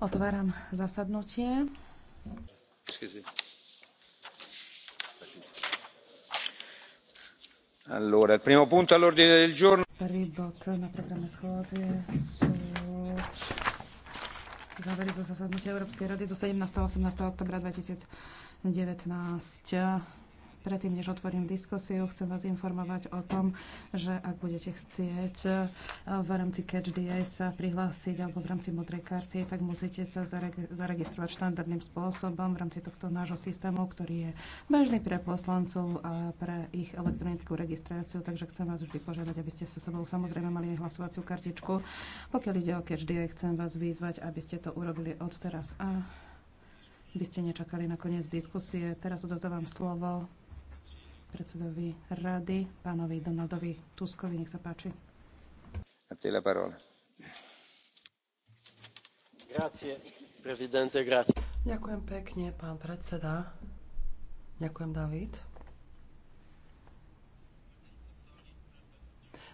Otváram zasadnutie. del giorno. Prvý bod na programe schôdze sú závery zo zasadnutia Európskej rady zo 17. a 18. oktobra 2019. Predtým, než otvorím diskusiu, chcem vás informovať o tom, že ak budete chcieť eh, v rámci Catch DA sa prihlásiť alebo v rámci modrej karty, tak musíte sa zaregistrovať štandardným spôsobom v rámci tohto nášho systému, ktorý je bežný pre poslancov a pre ich elektronickú registráciu. Takže chcem vás vždy požiadať, aby ste so sebou samozrejme mali aj hlasovaciu kartičku. Pokiaľ ide o Catch DA, chcem vás vyzvať, aby ste to urobili od teraz a by ste nečakali na koniec diskusie. Teraz odozdávam slovo predsedovi rady, pánovi Donaldovi Tuskovi. Nech sa páči. A te la parola. Grazie, prezidente, grazie. Ďakujem pekne, pán predseda. Ďakujem, David.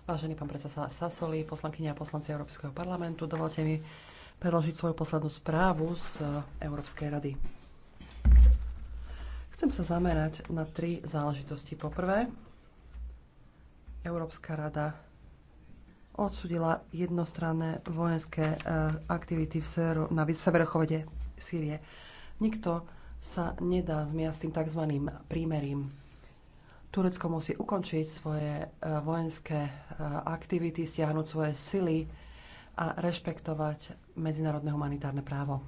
Vážený pán predseda Sasoli, poslankyňa a poslanci Európskeho parlamentu, dovolte mi predložiť svoju poslednú správu z Európskej rady. Chcem sa zamerať na tri záležitosti. Poprvé, Európska rada odsudila jednostranné vojenské eh, aktivity v severu, na severovchode Sýrie. Nikto sa nedá zmiať s tým tzv. prímerím. Turecko musí ukončiť svoje eh, vojenské eh, aktivity, stiahnuť svoje sily a rešpektovať medzinárodné humanitárne právo.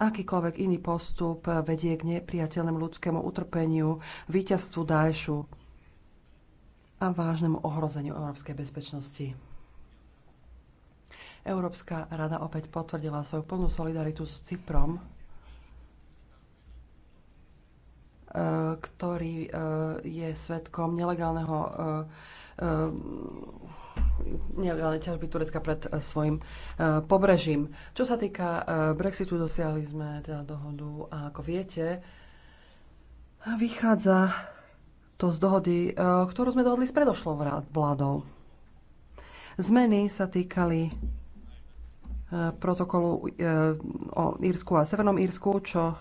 Akýkoľvek iný postup vedie k nepriateľnému ľudskému utrpeniu, víťazstvu Daešu a vážnemu ohrozeniu európskej bezpečnosti. Európska rada opäť potvrdila svoju plnú solidaritu s Cyprom, e, ktorý e, je svetkom nelegálneho e, nelegálne ťažby Turecka pred eh, svojim eh, pobrežím. Čo sa týka eh, Brexitu, dosiahli sme teda dohodu a ako viete, vychádza to z dohody, ktorú sme dohodli s predošlou vládou. Zmeny sa týkali protokolu o Írsku a Severnom Írsku, čo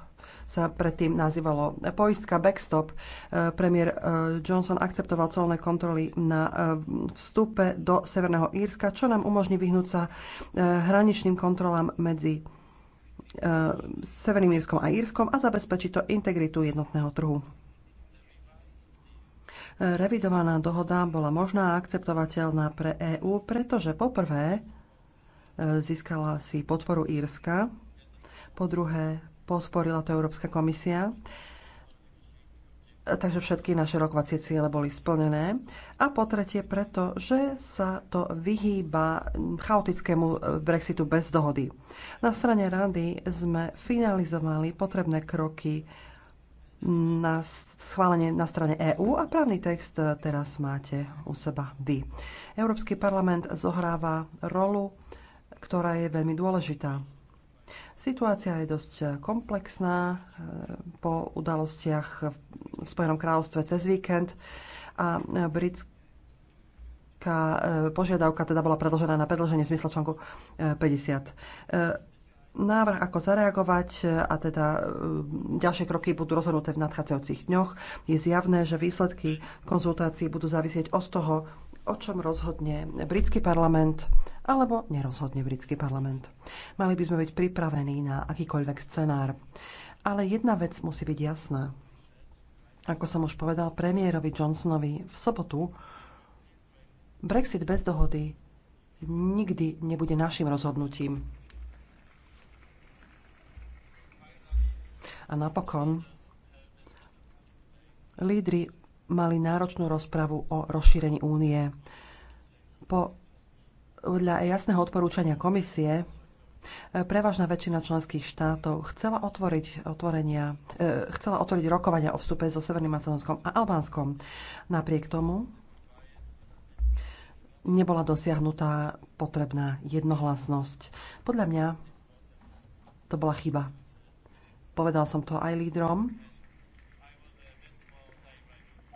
sa predtým nazývalo poistka backstop. E, premiér e, Johnson akceptoval colné kontroly na e, vstupe do Severného Írska, čo nám umožní vyhnúť sa hraničným kontrolám medzi Severným Írskom a Írskom a zabezpečiť to integritu jednotného trhu. Revidovaná dohoda bola možná a akceptovateľná pre EÚ, pretože poprvé získala si podporu Írska, po druhé podporila to Európska komisia. Takže všetky naše rokovacie ciele boli splnené. A po tretie preto, že sa to vyhýba chaotickému eh, Brexitu bez dohody. Na strane rady sme finalizovali potrebné kroky na schválenie na strane EÚ a právny text eh, teraz máte u seba vy. Európsky parlament zohráva rolu, ktorá je veľmi dôležitá Situácia je dosť eh, komplexná eh, po udalostiach v Spojenom kráľovstve cez víkend a eh, britská požiadavka teda bola predložená na predlženie v zmysle článku 50. Návrh, ako zareagovať a teda ďalšie kroky budú rozhodnuté v nadchádzajúcich dňoch. Je zjavné, že výsledky konzultácií budú závisieť od toho, o čom rozhodne britský parlament alebo nerozhodne britský parlament. Mali by sme byť pripravení na akýkoľvek scenár. Ale jedna vec musí byť jasná. Ako som už povedal premiérovi Johnsonovi v sobotu, Brexit bez dohody nikdy nebude našim rozhodnutím. A napokon lídry mali náročnú rozpravu o rozšírení únie. Podľa jasného odporúčania komisie e, Prevažná väčšina členských štátov chcela otvoriť, otvorenia, e, chcela otvoriť rokovania o vstupe so Severným Macedónskom a Albánskom. Napriek tomu nebola dosiahnutá potrebná jednohlasnosť. Podľa mňa to bola chyba. Povedal som to aj lídrom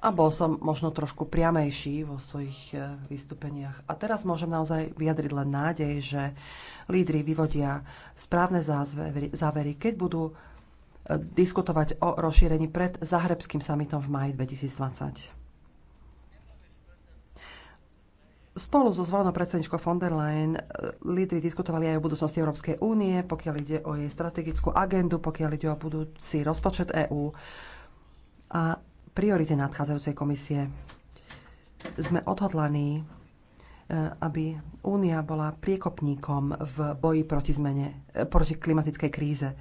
a bol som možno trošku priamejší vo svojich e, vystúpeniach. A teraz môžem naozaj vyjadriť len nádej, že lídry vyvodia správne závery, keď budú e, diskutovať o rozšírení pred Zahrebským samitom v maji 2020. Spolu so zvolenou predsedničkou von der Leyen e, lídry diskutovali aj o budúcnosti Európskej únie, pokiaľ ide o jej strategickú agendu, pokiaľ ide o budúci rozpočet EÚ. A priority nadchádzajúcej komisie. Sme odhodlaní, e, aby Únia bola priekopníkom v boji proti, zmene, e, proti klimatickej kríze. E,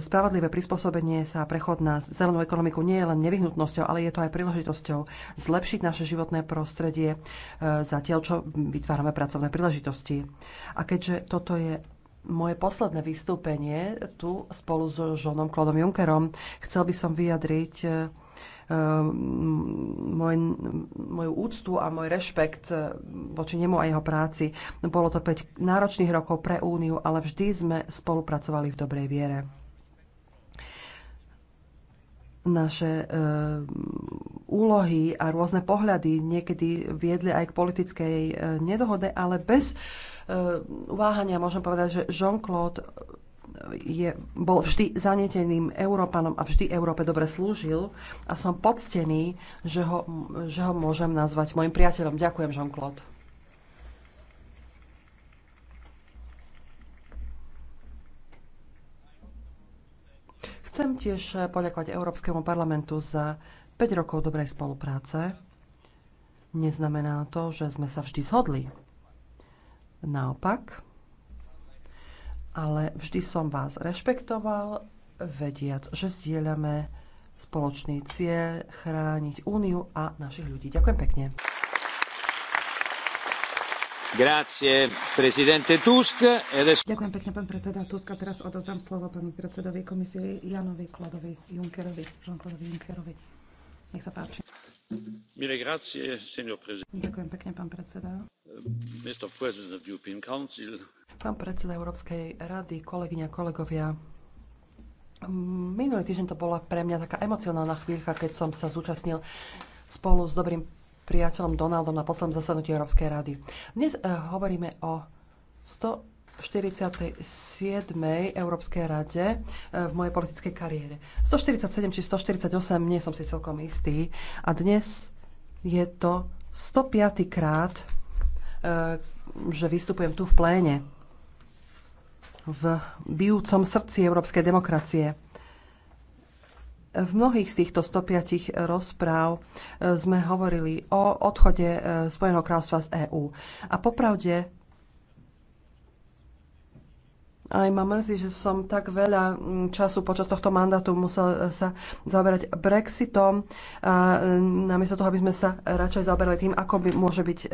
spravodlivé prispôsobenie sa prechod na zelenú ekonomiku nie je len nevyhnutnosťou, ale je to aj príležitosťou zlepšiť naše životné prostredie zatiaľ, čo vytvárame pracovné príležitosti. A keďže toto je moje posledné vystúpenie tu spolu so Žonom Klodom Junkerom, chcel by som vyjadriť Ehm, môj, moju úctu a môj rešpekt eh, voči nemu a jeho práci. Bolo to 5 náročných rokov pre Úniu, ale vždy sme spolupracovali v dobrej viere. Naše ehm, úlohy a rôzne pohľady niekedy viedli aj k politickej eh, nedohode, ale bez eh, váhania môžem povedať, že Jean-Claude je, bol vždy zanieteným Európanom a vždy Európe dobre slúžil a som poctený, že ho, že ho môžem nazvať môjim priateľom. Ďakujem, Jean-Claude. Chcem tiež poďakovať Európskemu parlamentu za 5 rokov dobrej spolupráce. Neznamená to, že sme sa vždy zhodli. Naopak, ale vždy som vás rešpektoval, vediac, že zdieľame spoločný cieľ chrániť úniu a našich ľudí. Ďakujem pekne. Grazie, presidente Tusk. E Ďakujem pekne, pán predseda Tusk. A teraz odozdám slovo pánu predsedovi komisie Janovi Kladovi Junkerovi, Jean-Claude Junkerovi. Nech sa páči. Ďakujem pekne, pán predseda. Uh, predseda Európskej rady, a kolegovia, minulý týždeň to bola pre mňa taká emocionálna chvíľka, keď som sa zúčastnil spolu s dobrým priateľom Donaldom na poslednom zasadnutí Európskej rady. Dnes eh, hovoríme o 100 47. Európskej rade e, v mojej politickej kariére. 147 či 148, nie som si celkom istý. A dnes je to 105. krát, e, že vystupujem tu v pléne v bijúcom srdci európskej demokracie. V mnohých z týchto 105 rozpráv e, sme hovorili o odchode Spojeného kráľovstva z EÚ. A popravde aj ma mrzí, že som tak veľa mm, času počas tohto mandátu musel e, sa zaberať Brexitom, e, namiesto toho, aby sme sa radšej zaberali tým, ako by môže byť e,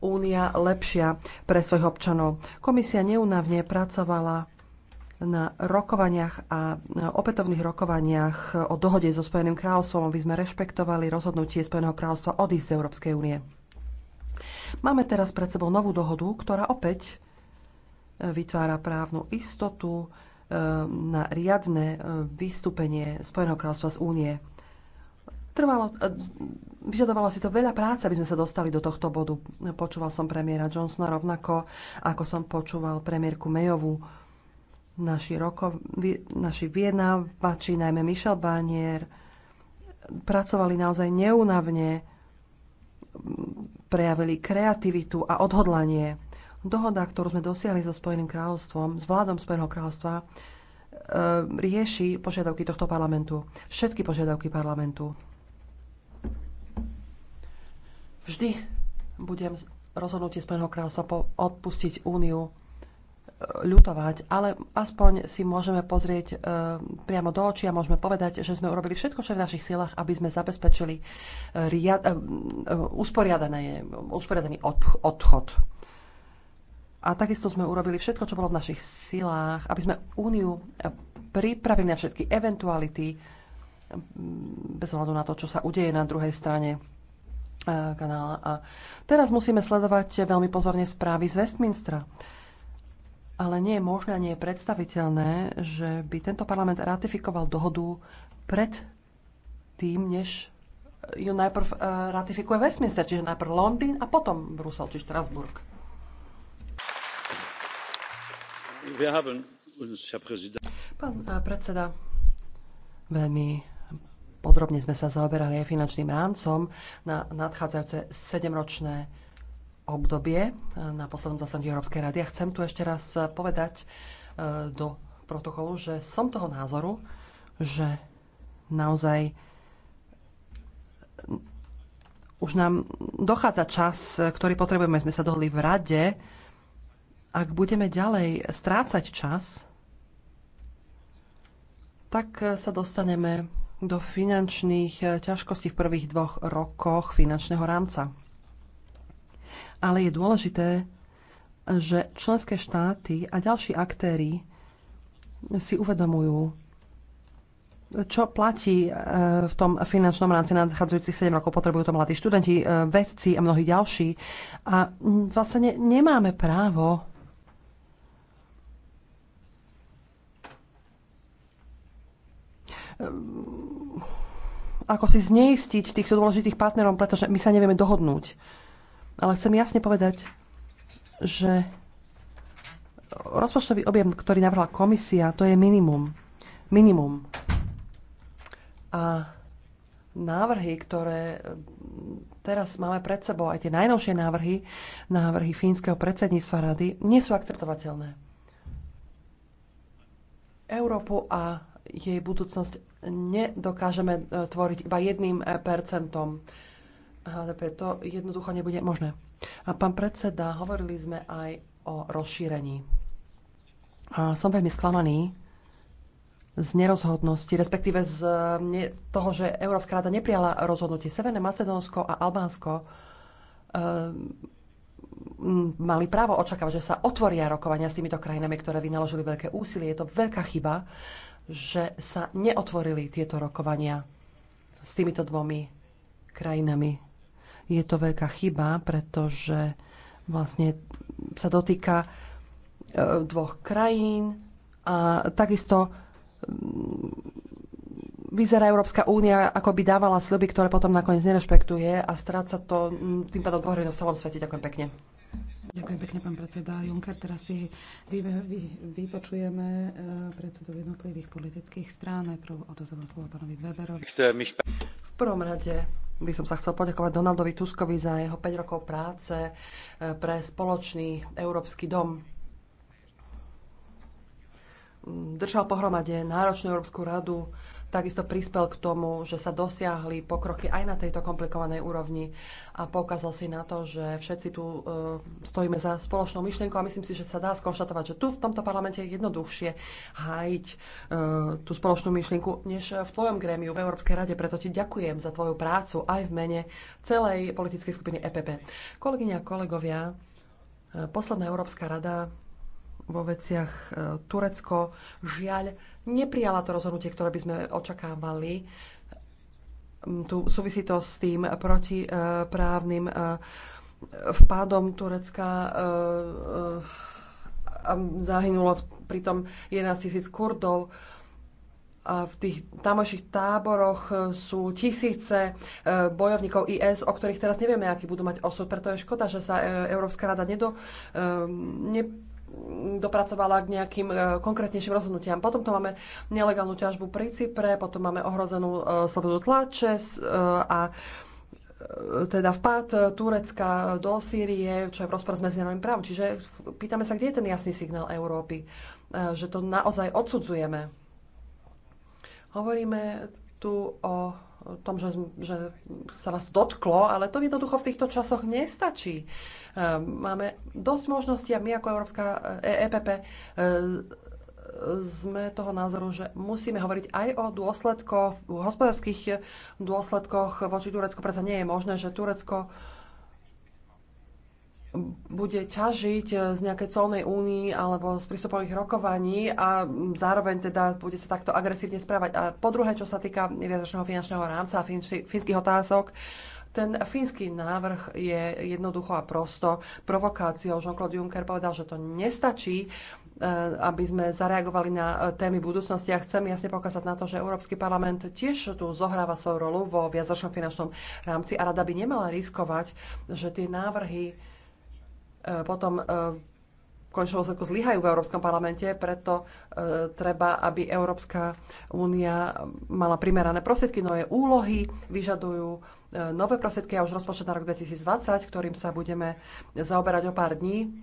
únia lepšia pre svojich občanov. Komisia neunavne pracovala na rokovaniach a opätovných rokovaniach o dohode so Spojeným kráľovstvom, aby sme rešpektovali rozhodnutie Spojeného kráľovstva odísť z Európskej únie. Máme teraz pred sebou novú dohodu, ktorá opäť vytvára právnu istotu eh, na riadne eh, vystúpenie Spojeného kráľovstva z únie. Trvalo, eh, vyžadovalo si to veľa práce, aby sme sa dostali do tohto bodu. Počúval som premiéra Johnsona rovnako, ako som počúval premiérku Mayovu. Naši, roko, naši vyjednávači, najmä Michel Barnier, pracovali naozaj neúnavne, prejavili kreativitu a odhodlanie Dohoda, ktorú sme dosiahli so Spojeným kráľovstvom, s vládom Spojeného kráľovstva, e, rieši požiadavky tohto parlamentu. Všetky požiadavky parlamentu. Vždy budem rozhodnutie Spojeného kráľovstva odpustiť úniu e, ľutovať, ale aspoň si môžeme pozrieť e, priamo do očí a môžeme povedať, že sme urobili všetko, čo je v našich silách, aby sme zabezpečili e, e, e, usporiadaný odchod. A takisto sme urobili všetko, čo bolo v našich silách, aby sme úniu eh, pripravili na všetky eventuality, mm, bez ohľadu na to, čo sa udeje na druhej strane eh, kanála. A teraz musíme sledovať veľmi pozorne správy z Westminstra. Ale nie je možné a nie je predstaviteľné, že by tento parlament ratifikoval dohodu pred tým, než ju najprv eh, ratifikuje Westminster, čiže najprv Londýn a potom Brusel či Štrasburg. Pán e, predseda, veľmi podrobne sme sa zaoberali aj finančným rámcom na nadchádzajúce sedemročné obdobie e, na poslednom zasadnutí Európskej rady. A chcem tu ešte raz povedať e, do protokolu, že som toho názoru, že naozaj už nám dochádza čas, ktorý potrebujeme. Sme sa dohodli v rade, ak budeme ďalej strácať čas, tak sa dostaneme do finančných eh, ťažkostí v prvých dvoch rokoch finančného rámca. Ale je dôležité, že členské štáty a ďalší aktéry si uvedomujú, čo platí eh, v tom finančnom rámci nadchádzajúcich 7 rokov? Potrebujú to mladí študenti, eh, vedci a mnohí ďalší. A mm, vlastne nemáme právo Ehm, ako si zneistiť týchto dôležitých partnerov, pretože my sa nevieme dohodnúť. Ale chcem jasne povedať, že rozpočtový objem, ktorý navrhla komisia, to je minimum. Minimum. A návrhy, ktoré ehm, teraz máme pred sebou, aj tie najnovšie návrhy, návrhy fínskeho predsedníctva rady, nie sú akceptovateľné. Európu a jej budúcnosť nedokážeme e, tvoriť iba jedným e, percentom HDP. To jednoducho nebude možné. A pán predseda, hovorili sme aj o rozšírení. A som veľmi sklamaný z nerozhodnosti, respektíve z e, toho, že Európska rada neprijala rozhodnutie. Severné Macedónsko a Albánsko mali právo očakávať, že sa otvoria rokovania s týmito krajinami, ktoré vynaložili veľké úsilie. Je to veľká chyba že sa neotvorili tieto rokovania s týmito dvomi krajinami. Je to veľká chyba, pretože vlastne sa dotýka e, dvoch krajín a takisto mm, vyzerá Európska únia, ako by dávala sľuby, ktoré potom nakoniec nerešpektuje a stráca to mm, tým pádom pohrenosť v celom svete. Ďakujem pekne. Ďakujem pekne, pán predseda Juncker. Teraz si vy, vy, vypočujeme eh, predsedov jednotlivých politických strán. Najprv odozovám slovo pánovi Weberovi. V prvom rade by som sa chcel poďakovať Donaldovi Tuskovi za jeho 5 rokov práce eh, pre spoločný Európsky dom. Mm, držal pohromade Náročnú Európsku radu, takisto prispel k tomu, že sa dosiahli pokroky aj na tejto komplikovanej úrovni a poukázal si na to, že všetci tu e, stojíme za spoločnou myšlienkou a myslím si, že sa dá skonštatovať, že tu v tomto parlamente je jednoduchšie hájiť e, tú spoločnú myšlienku než v tvojom grémiu v Európskej rade. Preto ti ďakujem za tvoju prácu aj v mene celej politickej skupiny EPP. Kolegyne a kolegovia, e, Posledná Európska rada vo veciach e, Turecko žiaľ neprijala to rozhodnutie, ktoré by sme očakávali. Mm, tu súvisí to s tým protiprávnym e, vpádom Turecka e, zahynulo pritom 11 tisíc Kurdov. A v tých tamojších táboroch sú tisíce bojovníkov IS, o ktorých teraz nevieme, aký budú mať osud. Preto je škoda, že sa Európska rada nedo, ne, dopracovala k nejakým e, konkrétnejším rozhodnutiam. Potom tu máme nelegálnu ťažbu pri Cypre, potom máme ohrozenú e, slobodu tlače e, a teda vpád Turecka do Sýrie, čo je v rozpore s medzinárodným právom. Čiže pýtame sa, kde je ten jasný signál Európy, že to naozaj odsudzujeme. Hovoríme tu o tom, že, že sa vás dotklo, ale to jednoducho v týchto časoch nestačí. E, máme dosť možností a my ako Európska EPP e e, sme toho názoru, že musíme hovoriť aj o dôsledkoch, hospodárskych dôsledkoch voči Turecku. Preto nie je možné, že Turecko bude ťažiť e, z nejakej colnej únii alebo z prístupových rokovaní a zároveň teda bude sa takto agresívne správať. A po druhé, čo sa týka viacročného finančného rámca a fínskych otázok, ten fínsky návrh je jednoducho a prosto provokáciou. Jean-Claude Juncker povedal, že to nestačí, e, aby sme zareagovali na e, témy budúcnosti. A chcem jasne pokázať na to, že Európsky parlament tiež tu zohráva svoju rolu vo viazačnom finančnom rámci a rada by nemala riskovať, že tie návrhy E, potom v e, končnom dôsledku zlyhajú v Európskom parlamente, preto e, treba, aby Európska únia mala primerané prostriedky, nové úlohy, vyžadujú nové prostriedky a už rozpočet na rok 2020, ktorým sa budeme zaoberať o pár dní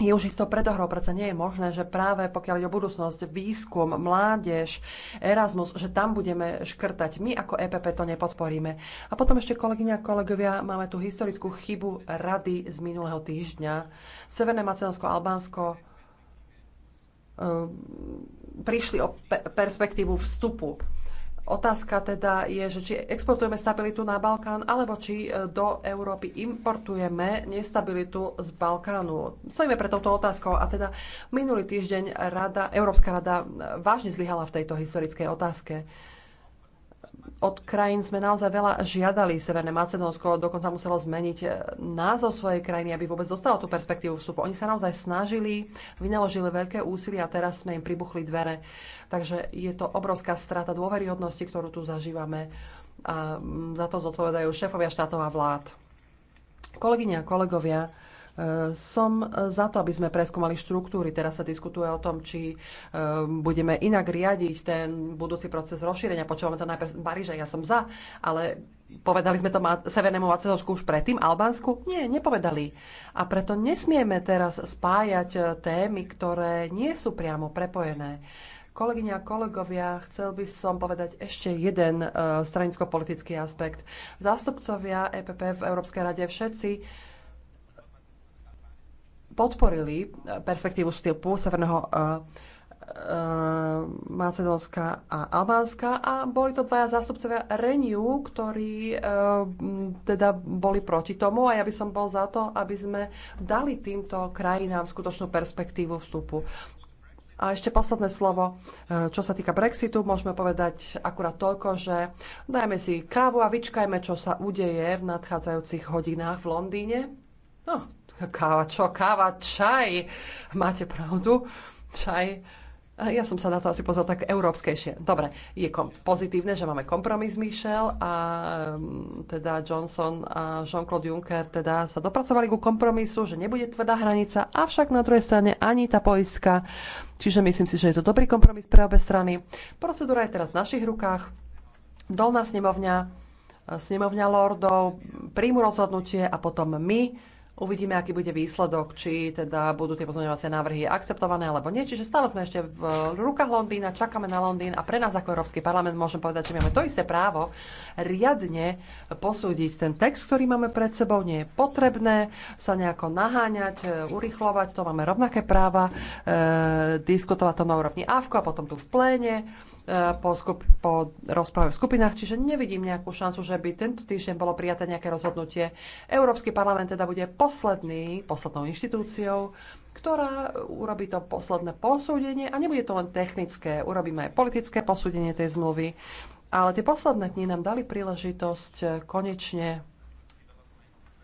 je už isto predohrou, predsa nie je možné, že práve pokiaľ ide o budúcnosť, výskum, mládež, Erasmus, že tam budeme škrtať. My ako EPP to nepodporíme. A potom ešte kolegyňa a kolegovia, máme tu historickú chybu rady z minulého týždňa. Severné Macedónsko, Albánsko ehm, prišli o pe perspektívu vstupu Otázka teda je, že či exportujeme stabilitu na Balkán, alebo či e, do Európy importujeme nestabilitu z Balkánu. Stojíme pre touto otázkou a teda minulý týždeň rada, Európska rada e, vážne zlyhala v tejto historickej otázke od krajín sme naozaj veľa žiadali. Severné Macedónsko dokonca muselo zmeniť eh, názov svojej krajiny, aby vôbec dostalo tú perspektívu vstupu. Oni sa naozaj snažili, vynaložili veľké úsilie a teraz sme im pribuchli dvere. Takže je to obrovská strata dôveryhodnosti, ktorú tu zažívame a mm, za to zodpovedajú šéfovia štátov a vlád. Kolegyne a kolegovia, som e, za to, aby sme preskúmali štruktúry. Teraz sa diskutuje o tom, či e, budeme inak riadiť ten budúci proces rozšírenia. Počúvame to najprv z Paríža, ja som za, ale povedali sme to Severnému Macedónsku už predtým, Albánsku? Nie, nepovedali. A preto nesmieme teraz spájať e, témy, ktoré nie sú priamo prepojené. Kolegyňa a kolegovia, chcel by som povedať ešte jeden stranicko-politický aspekt. Zástupcovia EPP v Európskej rade všetci podporili e, perspektívu vstupu Severného e, e, Macedónska a Albánska a boli to dvaja zástupcovia Renew, ktorí uh, teda boli proti tomu a ja by som bol za to, aby sme dali týmto krajinám skutočnú perspektívu vstupu. A ešte posledné slovo, čo sa týka Brexitu, môžeme povedať akurát toľko, že dajme si kávu a vyčkajme, čo sa udeje v nadchádzajúcich hodinách v Londýne. No, Káva čo? Káva, čaj. Máte pravdu? Čaj. Ja som sa na to asi pozval tak európskejšie. Dobre, je kom- pozitívne, že máme kompromis, Michel a mm, teda Johnson a Jean-Claude Juncker teda sa dopracovali ku kompromisu, že nebude tvrdá hranica, avšak na druhej strane ani tá poistka. Čiže myslím si, že je to dobrý kompromis pre obe strany. Procedúra je teraz v našich rukách. Dolná snemovňa, snemovňa lordov, príjmu rozhodnutie a potom my Uvidíme, aký bude výsledok, či teda budú tie pozmeňovacie návrhy akceptované alebo nie. Čiže stále sme ešte v rukách Londýna, čakáme na Londýn a pre nás ako Európsky parlament môžem povedať, že máme to isté právo riadne posúdiť ten text, ktorý máme pred sebou. Nie je potrebné sa nejako naháňať, e, urychlovať, to máme rovnaké práva, e, diskutovať to na úrovni AVKO a potom tu v pléne Eh, po, skup- po rozprave v skupinách, čiže nevidím nejakú šancu, že by tento týždeň bolo prijaté nejaké rozhodnutie. Európsky parlament teda bude posledný, poslednou inštitúciou, ktorá urobí to posledné posúdenie a nebude to len technické, urobíme aj politické posúdenie tej zmluvy. Ale tie posledné dni nám dali príležitosť eh, konečne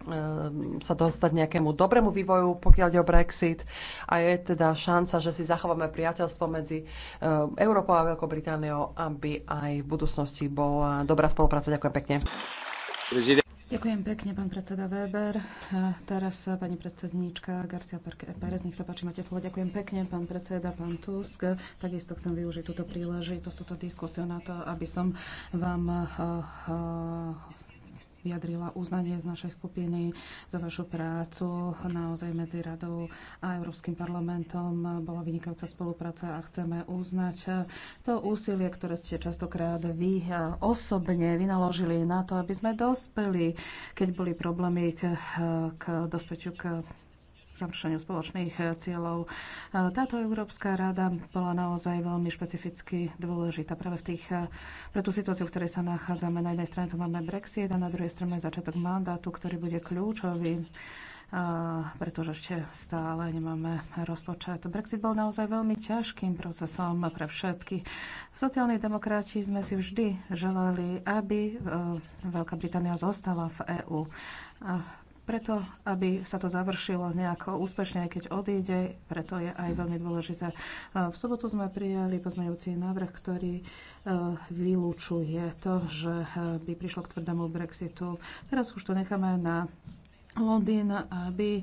Ehm, sa dostať nejakému dobrému vývoju, pokiaľ ide o Brexit. A je teda šanca, že si zachováme priateľstvo medzi ehm, Európou a Veľkou Britániou, aby aj v budúcnosti bola dobrá spolupráca. Ďakujem pekne. Ďakujem pekne, pán predseda Weber. A teraz eh, pani predsedníčka Garcia Pérez, nech sa páči, máte slovo. Ďakujem pekne, pán predseda, pán Tusk. Takisto chcem využiť túto príležitosť, túto diskusiu na to, aby som vám eh, eh, vyjadrila uznanie z našej skupiny za vašu prácu. Naozaj medzi radou a Európskym parlamentom bola vynikajúca spolupráca a chceme uznať to úsilie, ktoré ste častokrát vy osobne vynaložili na to, aby sme dospeli, keď boli problémy k, k dospeťu k narušeniu spoločných eh, cieľov. Eh, táto Európska rada bola naozaj veľmi špecificky dôležitá práve v tých, eh, pre tú situáciu, v ktorej sa nachádzame. Na jednej strane tu máme Brexit a na druhej strane začiatok mandátu, ktorý bude kľúčový pretože ešte stále nemáme rozpočet. Brexit bol naozaj veľmi ťažkým procesom pre všetky. Sociálni demokrati sme si vždy želali, aby Veľká Británia zostala v EÚ preto, aby sa to završilo nejako úspešne, aj keď odíde, preto je aj veľmi dôležité. V sobotu sme prijali pozmeňujúci návrh, ktorý e, vylúčuje to, že e, by prišlo k tvrdému Brexitu. Teraz už to necháme na Londýn, aby e,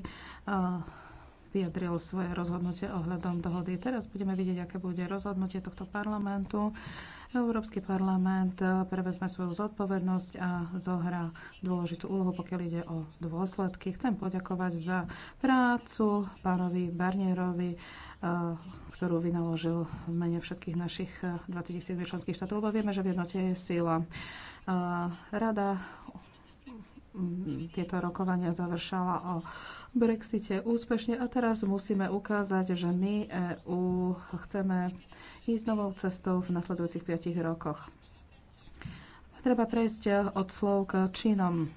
vyjadril svoje rozhodnutie ohľadom dohody. Teraz budeme vidieť, aké bude rozhodnutie tohto parlamentu. Európsky parlament eh, prevezme svoju zodpovednosť a zohrá dôležitú úlohu, pokiaľ ide o dôsledky. Chcem poďakovať za prácu pánovi Barnierovi, eh, ktorú vynaložil v mene všetkých našich 27 eh, členských štátov, lebo vieme, že v jednote je sila. Rada mm, tieto rokovania završala o Brexite úspešne a teraz musíme ukázať, že my EU chceme ísť novou cestou v nasledujúcich 5 rokoch. Treba prejsť od slov k činom,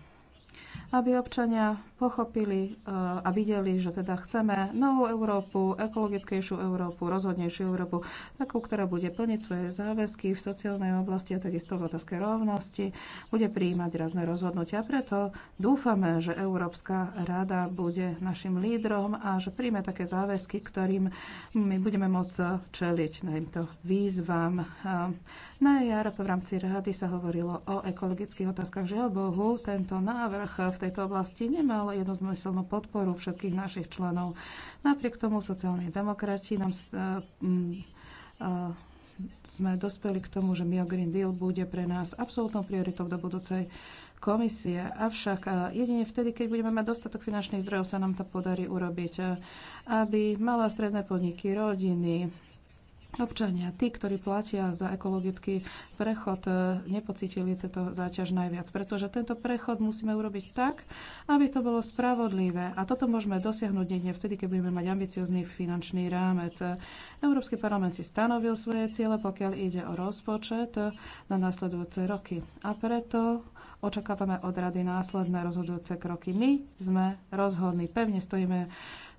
aby občania pochopili eh, a videli, že teda chceme novú Európu, ekologickejšiu Európu, rozhodnejšiu Európu, takú, ktorá bude plniť svoje záväzky v sociálnej oblasti a takisto v otázke rovnosti, bude prijímať razné rozhodnutia. Preto dúfame, že Európska rada bude našim lídrom a že príjme také záväzky, ktorým my budeme môcť čeliť týmto výzvam. Eh, na jar v rámci rady sa hovorilo o ekologických otázkach. Žiaľ Bohu, tento návrh v tejto oblasti nemal dostala podporu všetkých našich členov. Napriek tomu sociálni demokrati nám e, e, sme dospeli k tomu, že Mio Green Deal bude pre nás absolútnou prioritou do budúcej komisie. Avšak e, jedine vtedy, keď budeme mať dostatok finančných zdrojov, sa nám to podarí urobiť, aby malé a stredné podniky, rodiny, Občania, tí, ktorí platia za ekologický prechod, e, nepocítili tento záťaž najviac, pretože tento prechod musíme urobiť tak, aby to bolo spravodlivé. A toto môžeme dosiahnuť nie vtedy, keď budeme mať ambiciozný finančný rámec. Európsky parlament si stanovil svoje ciele, pokiaľ ide o rozpočet na následujúce roky. A preto očakávame od rady následné rozhodujúce kroky. My sme rozhodní, pevne stojíme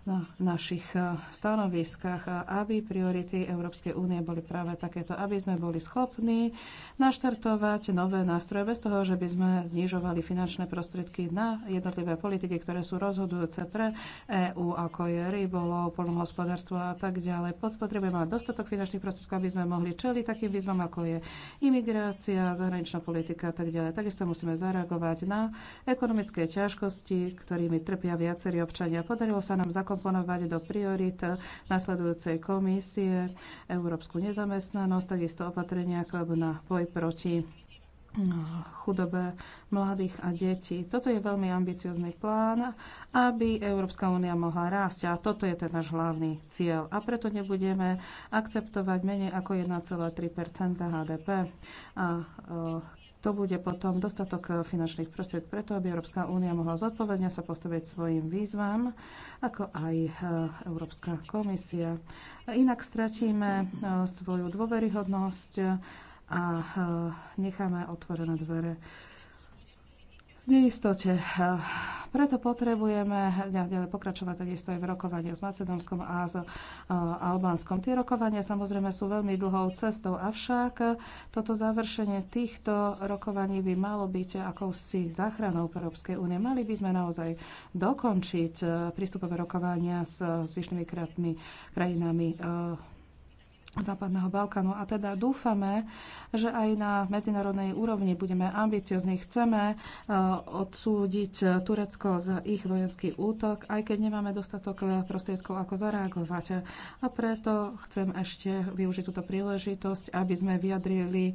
na našich eh, stanoviskách, aby priority Európskej únie boli práve takéto, aby sme boli schopní naštartovať nové nástroje bez toho, že by sme znižovali finančné prostriedky na jednotlivé politiky, ktoré sú rozhodujúce pre EÚ, ako je rybolov, polnohospodárstvo a tak ďalej. Potrebujeme mať dostatok finančných prostriedkov, aby sme mohli čeliť takým výzvam, ako je imigrácia, zahraničná politika a tak ďalej. Takisto musíme zareagovať na ekonomické ťažkosti, ktorými trpia viacerí občania. Podarilo sa nám zakon zakomponovať do priorit nasledujúcej komisie európsku nezamestnanosť, takisto opatrenia na boj proti chudobe mladých a detí. Toto je veľmi ambiciozný plán, aby Európska únia mohla rásť a toto je ten náš hlavný cieľ. A preto nebudeme akceptovať menej ako 1,3 HDP. A to bude potom dostatok eh, finančných prostriedkov preto, aby Európska únia mohla zodpovedne sa postaviť svojim výzvam, ako aj eh, Európska komisia. Inak stratíme eh, svoju dôveryhodnosť a necháme otvorené dvere neistote. Preto potrebujeme ďalej pokračovať takisto aj v rokovaní s Macedónskom a s eh, Albánskom. Tie rokovania samozrejme sú veľmi dlhou cestou, avšak toto završenie týchto rokovaní by malo byť akousi záchranou Európskej únie. Mali by sme naozaj dokončiť eh, prístupové rokovania s zvyšnými krátmi, krajinami eh, Západného Balkánu. A teda dúfame, že aj na medzinárodnej úrovni budeme ambiciozni. Chceme e, odsúdiť Turecko za ich vojenský útok, aj keď nemáme dostatok e, prostriedkov, ako zareagovať. A preto chcem ešte využiť túto príležitosť, aby sme vyjadrili e,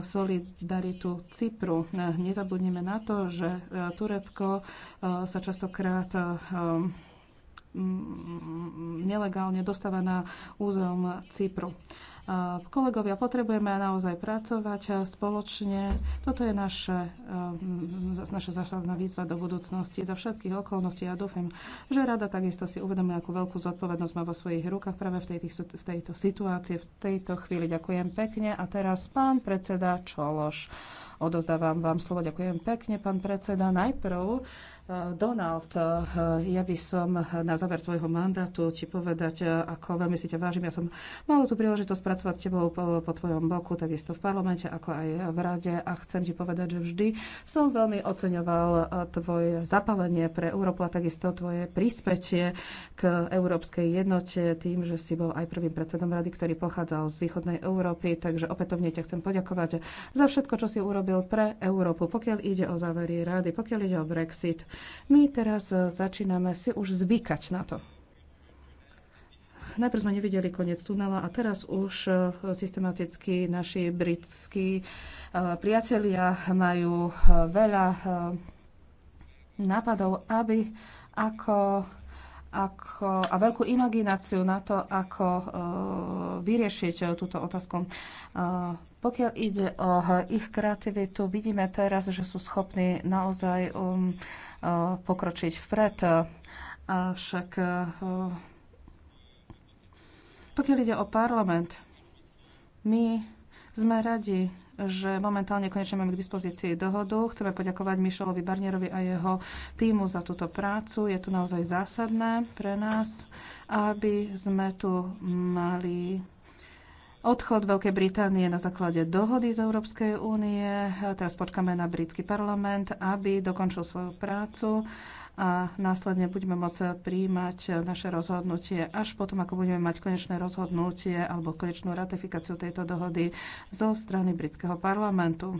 solidaritu Cypru. Nezabudnime na to, že Turecko sa častokrát nelegálne dostáva na územ Cypru. Kolegovia, potrebujeme naozaj pracovať spoločne. Toto je naše, e, naša zásadná výzva do budúcnosti za všetkých okolností. Ja dúfam, že rada takisto si uvedomí, akú veľkú zodpovednosť má vo svojich rukách práve v, tejto, v tejto situácii, v tejto chvíli. Ďakujem pekne. A teraz pán predseda Čološ. Odozdávam vám slovo. Ďakujem pekne, pán predseda. Najprv Donald, eh, ja by som na záver tvojho mandátu ti povedať, eh, ako veľmi si ťa vážim. Ja som mal tú príležitosť pracovať s tebou po, po tvojom boku, takisto v parlamente, ako aj v rade a chcem ti povedať, že vždy som veľmi oceňoval eh, tvoje zapalenie pre Európu a takisto tvoje prispätie k európskej jednote tým, že si bol aj prvým predsedom rady, ktorý pochádzal z východnej Európy. Takže opätovne ťa chcem poďakovať za všetko, čo si urobil pre Európu, pokiaľ ide o závery rady, pokiaľ ide o Brexit my teraz e, začíname si už zvykať na to. Najprv sme nevideli koniec tunela a teraz už e, systematicky naši britskí e, priatelia majú veľa nápadov, aby ako ako, a veľkú imagináciu na to, ako vyriešiť túto otázku. pokiaľ ide o ich kreativitu, vidíme teraz, že sú schopní naozaj um, Eh, pokročiť vpred. Eh, avšak eh, pokiaľ ide o parlament, my sme radi, že momentálne konečne máme k dispozícii dohodu. Chceme poďakovať Mišelovi Barnierovi a jeho týmu za túto prácu. Je to naozaj zásadné pre nás, aby sme tu mali odchod Veľkej Británie na základe dohody z Európskej únie. Teraz počkáme na britský parlament, aby dokončil svoju prácu a následne budeme môcť príjmať naše rozhodnutie až potom, ako budeme mať konečné rozhodnutie alebo konečnú ratifikáciu tejto dohody zo strany britského parlamentu.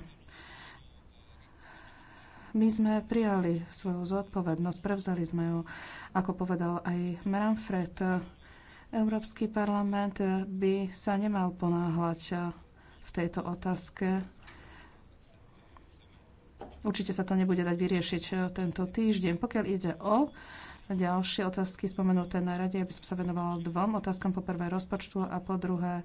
My sme prijali svoju zodpovednosť, prevzali sme ju, ako povedal aj Manfred Európsky parlament by sa nemal ponáhľať e, v tejto otázke. Určite sa to nebude dať vyriešiť e, tento týždeň. Pokiaľ ide o ďalšie otázky spomenuté na rade. Ja by som sa venovala dvom otázkam. Po prvé rozpočtu a po druhé e,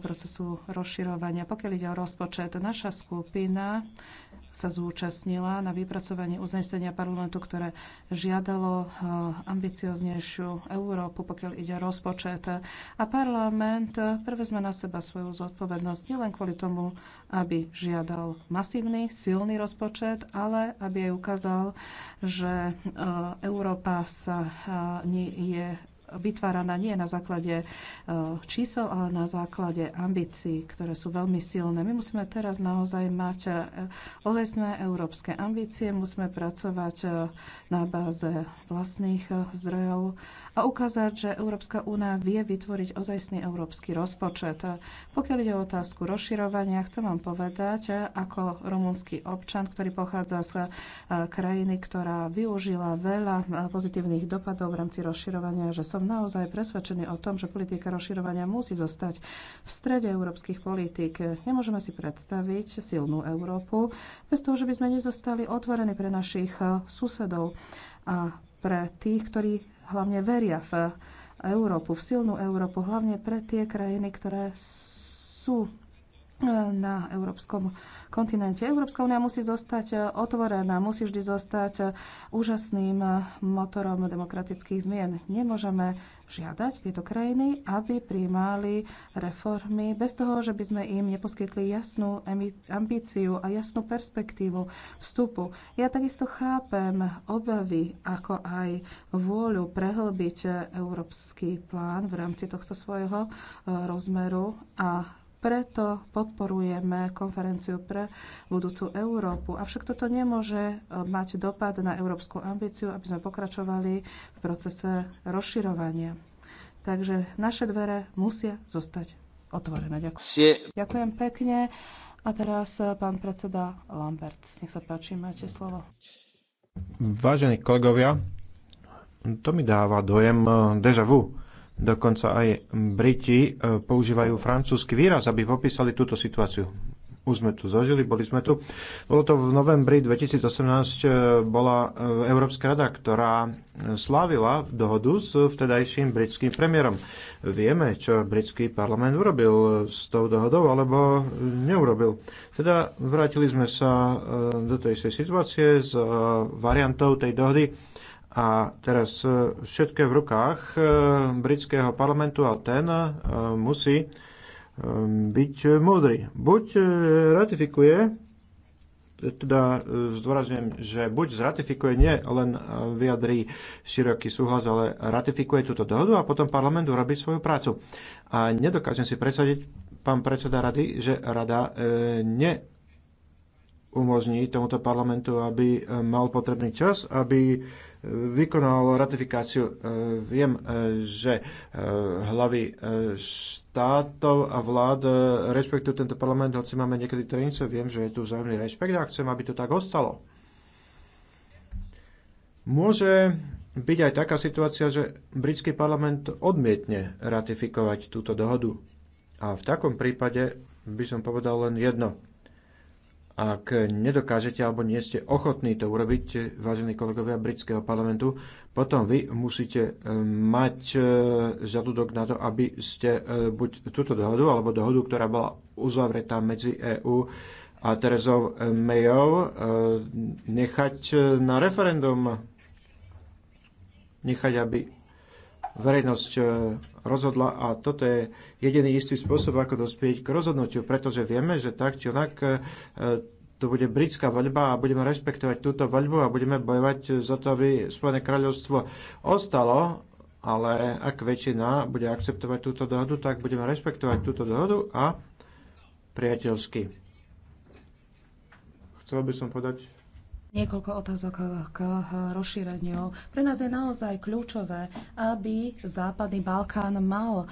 procesu rozširovania. Pokiaľ ide o rozpočet, naša skupina sa zúčastnila na vypracovaní uznesenia parlamentu, ktoré žiadalo e, ambicioznejšiu Európu, pokiaľ ide o rozpočet. A parlament prevezme na seba svoju zodpovednosť nielen kvôli tomu, aby žiadal masívny, silný rozpočet, ale aby aj ukázal, že e, Európa Eh, nie je vytváraná nie na základe e, čísel, ale na základe ambícií, ktoré sú veľmi silné. My musíme teraz naozaj mať e, ozajstné európske ambície, musíme pracovať e, na báze vlastných zdrojov a ukázať, že Európska únia vie vytvoriť ozajstný európsky rozpočet. Pokiaľ ide o otázku rozširovania, chcem vám povedať, ako rumúnsky občan, ktorý pochádza z krajiny, ktorá využila veľa pozitívnych dopadov v rámci rozširovania, že som som naozaj presvedčený o tom, že politika rozširovania musí zostať v strede európskych politík. Nemôžeme si predstaviť silnú Európu bez toho, že by sme nezostali otvorení pre našich eh, susedov a pre tých, ktorí hlavne veria v Európu, v silnú Európu, hlavne pre tie krajiny, ktoré sú na európskom kontinente. Európska únia musí zostať eh, otvorená, musí vždy zostať eh, úžasným eh, motorom demokratických zmien. Nemôžeme žiadať tieto krajiny, aby prijímali reformy bez toho, že by sme im neposkytli jasnú ambíciu a jasnú perspektívu vstupu. Ja takisto chápem obavy, ako aj vôľu prehlbiť európsky plán v rámci tohto svojho rozmeru a preto podporujeme konferenciu pre budúcu Európu. Avšak toto nemôže e, mať dopad na európsku ambíciu, aby sme pokračovali v procese rozširovania. Takže naše dvere musia zostať otvorené. Ďakujem. Ďakujem pekne. A teraz e, pán predseda Lambert. Nech sa páči, máte slovo. Vážení kolegovia, to mi dáva dojem e, deja vu Dokonca aj Briti e, používajú francúzsky výraz, aby popísali túto situáciu už sme tu zažili, boli sme tu. Bolo to v novembri 2018, e, bola e, Európska rada, ktorá slávila dohodu s vtedajším britským premiérom. Vieme, čo britský parlament urobil s tou dohodou, alebo neurobil. Teda vrátili sme sa do tej situácie s variantou tej dohody, a teraz e, všetko je v rukách e, britského parlamentu a ten e, musí byť múdry. Buď ratifikuje, teda zdôrazňujem, že buď zratifikuje, nie len vyjadrí široký súhlas, ale ratifikuje túto dohodu a potom parlament urobí svoju prácu. A nedokážem si presadiť, pán predseda rady, že rada e, ne umožní tomuto parlamentu, aby mal potrebný čas, aby vykonal ratifikáciu. E, viem, e, že e, hlavy štátov a vlád rešpektujú tento parlament, hoci máme niekedy trenice, viem, že je tu vzájomný rešpekt a chcem, aby to tak ostalo. Môže byť aj taká situácia, že britský parlament odmietne ratifikovať túto dohodu. A v takom prípade by som povedal len jedno ak nedokážete alebo nie ste ochotní to urobiť, vážení kolegovia britského parlamentu, potom vy musíte e, mať žalúdok e, na to, aby ste e, buď túto dohodu alebo dohodu, ktorá bola uzavretá medzi EÚ a Terezov Mayov, nechať na referendum, nechať, aby verejnosť rozhodla a toto je jediný istý spôsob, ako dospieť k rozhodnutiu, pretože vieme, že tak či onak e, to bude britská voľba a budeme rešpektovať túto voľbu a budeme bojovať za to, aby Spojené kráľovstvo ostalo, ale ak väčšina bude akceptovať túto dohodu, tak budeme rešpektovať túto dohodu a priateľsky. Chcel by som podať Niekoľko otázok k rozšíreniu. Pre nás je naozaj kľúčové, aby Západný Balkán mal e,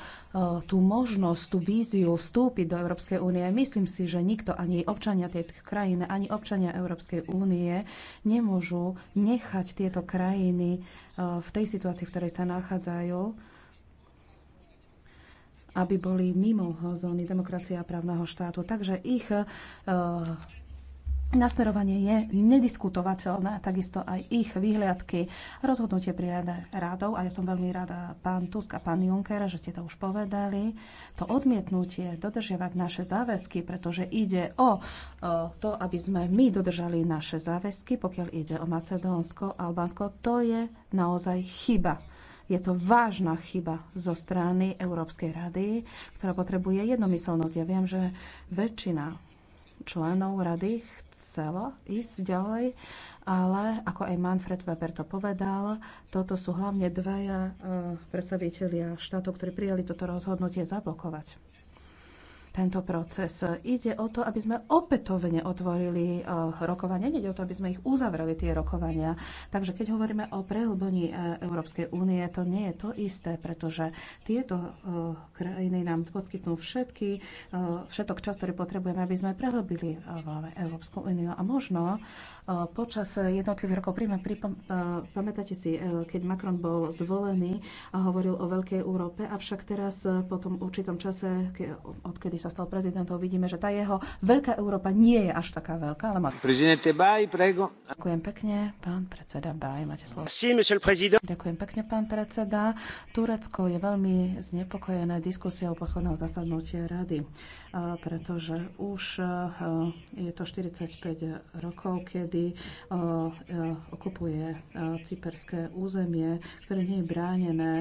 tú možnosť, tú víziu vstúpiť do Európskej únie. Myslím si, že nikto, ani občania tej krajiny, ani občania Európskej únie nemôžu nechať tieto krajiny e, v tej situácii, v ktorej sa nachádzajú aby boli mimo zóny demokracie a právneho štátu. Takže ich e, Nasmerovanie je nediskutovateľné, takisto aj ich výhľadky. Rozhodnutie prijaté rádov, a ja som veľmi rada pán Tusk a pán Juncker, že ste to už povedali, to odmietnutie dodržiavať naše záväzky, pretože ide o, o to, aby sme my dodržali naše záväzky, pokiaľ ide o Macedónsko, Albánsko, to je naozaj chyba. Je to vážna chyba zo strany Európskej rady, ktorá potrebuje jednomyselnosť. Ja viem, že väčšina členov rady chcelo ísť ďalej, ale ako aj Manfred Weber to povedal, toto sú hlavne dvaja eh, predstavitelia štátov, ktorí prijali toto rozhodnutie zablokovať tento proces. Ide o to, aby sme opätovne otvorili eh, rokovania, nie o to, aby sme ich uzavreli, tie rokovania. Takže keď hovoríme o prehlbení eh, Európskej únie, to nie je to isté, pretože tieto eh, krajiny nám poskytnú všetky, všetok čas, ktorý potrebujeme, aby sme prehlbili Európsku úniu. A možno počas jednotlivých rokov príjme, pamätáte si, keď Macron bol zvolený a hovoril o veľkej Európe, avšak teraz po tom určitom čase, odkedy sa stal prezidentom, vidíme, že tá jeho veľká Európa nie je až taká veľká, ale má... Prezidente Baj, prego. Ďakujem pekne, pán predseda Baj, máte slovo. Si, Ďakujem pekne, pán predseda. Turecko je veľmi znepokojené diskusiou posledného zasadnutia rady pretože už e, je to 45 rokov, kedy e, e, okupuje cyperské územie, ktoré nie je bránené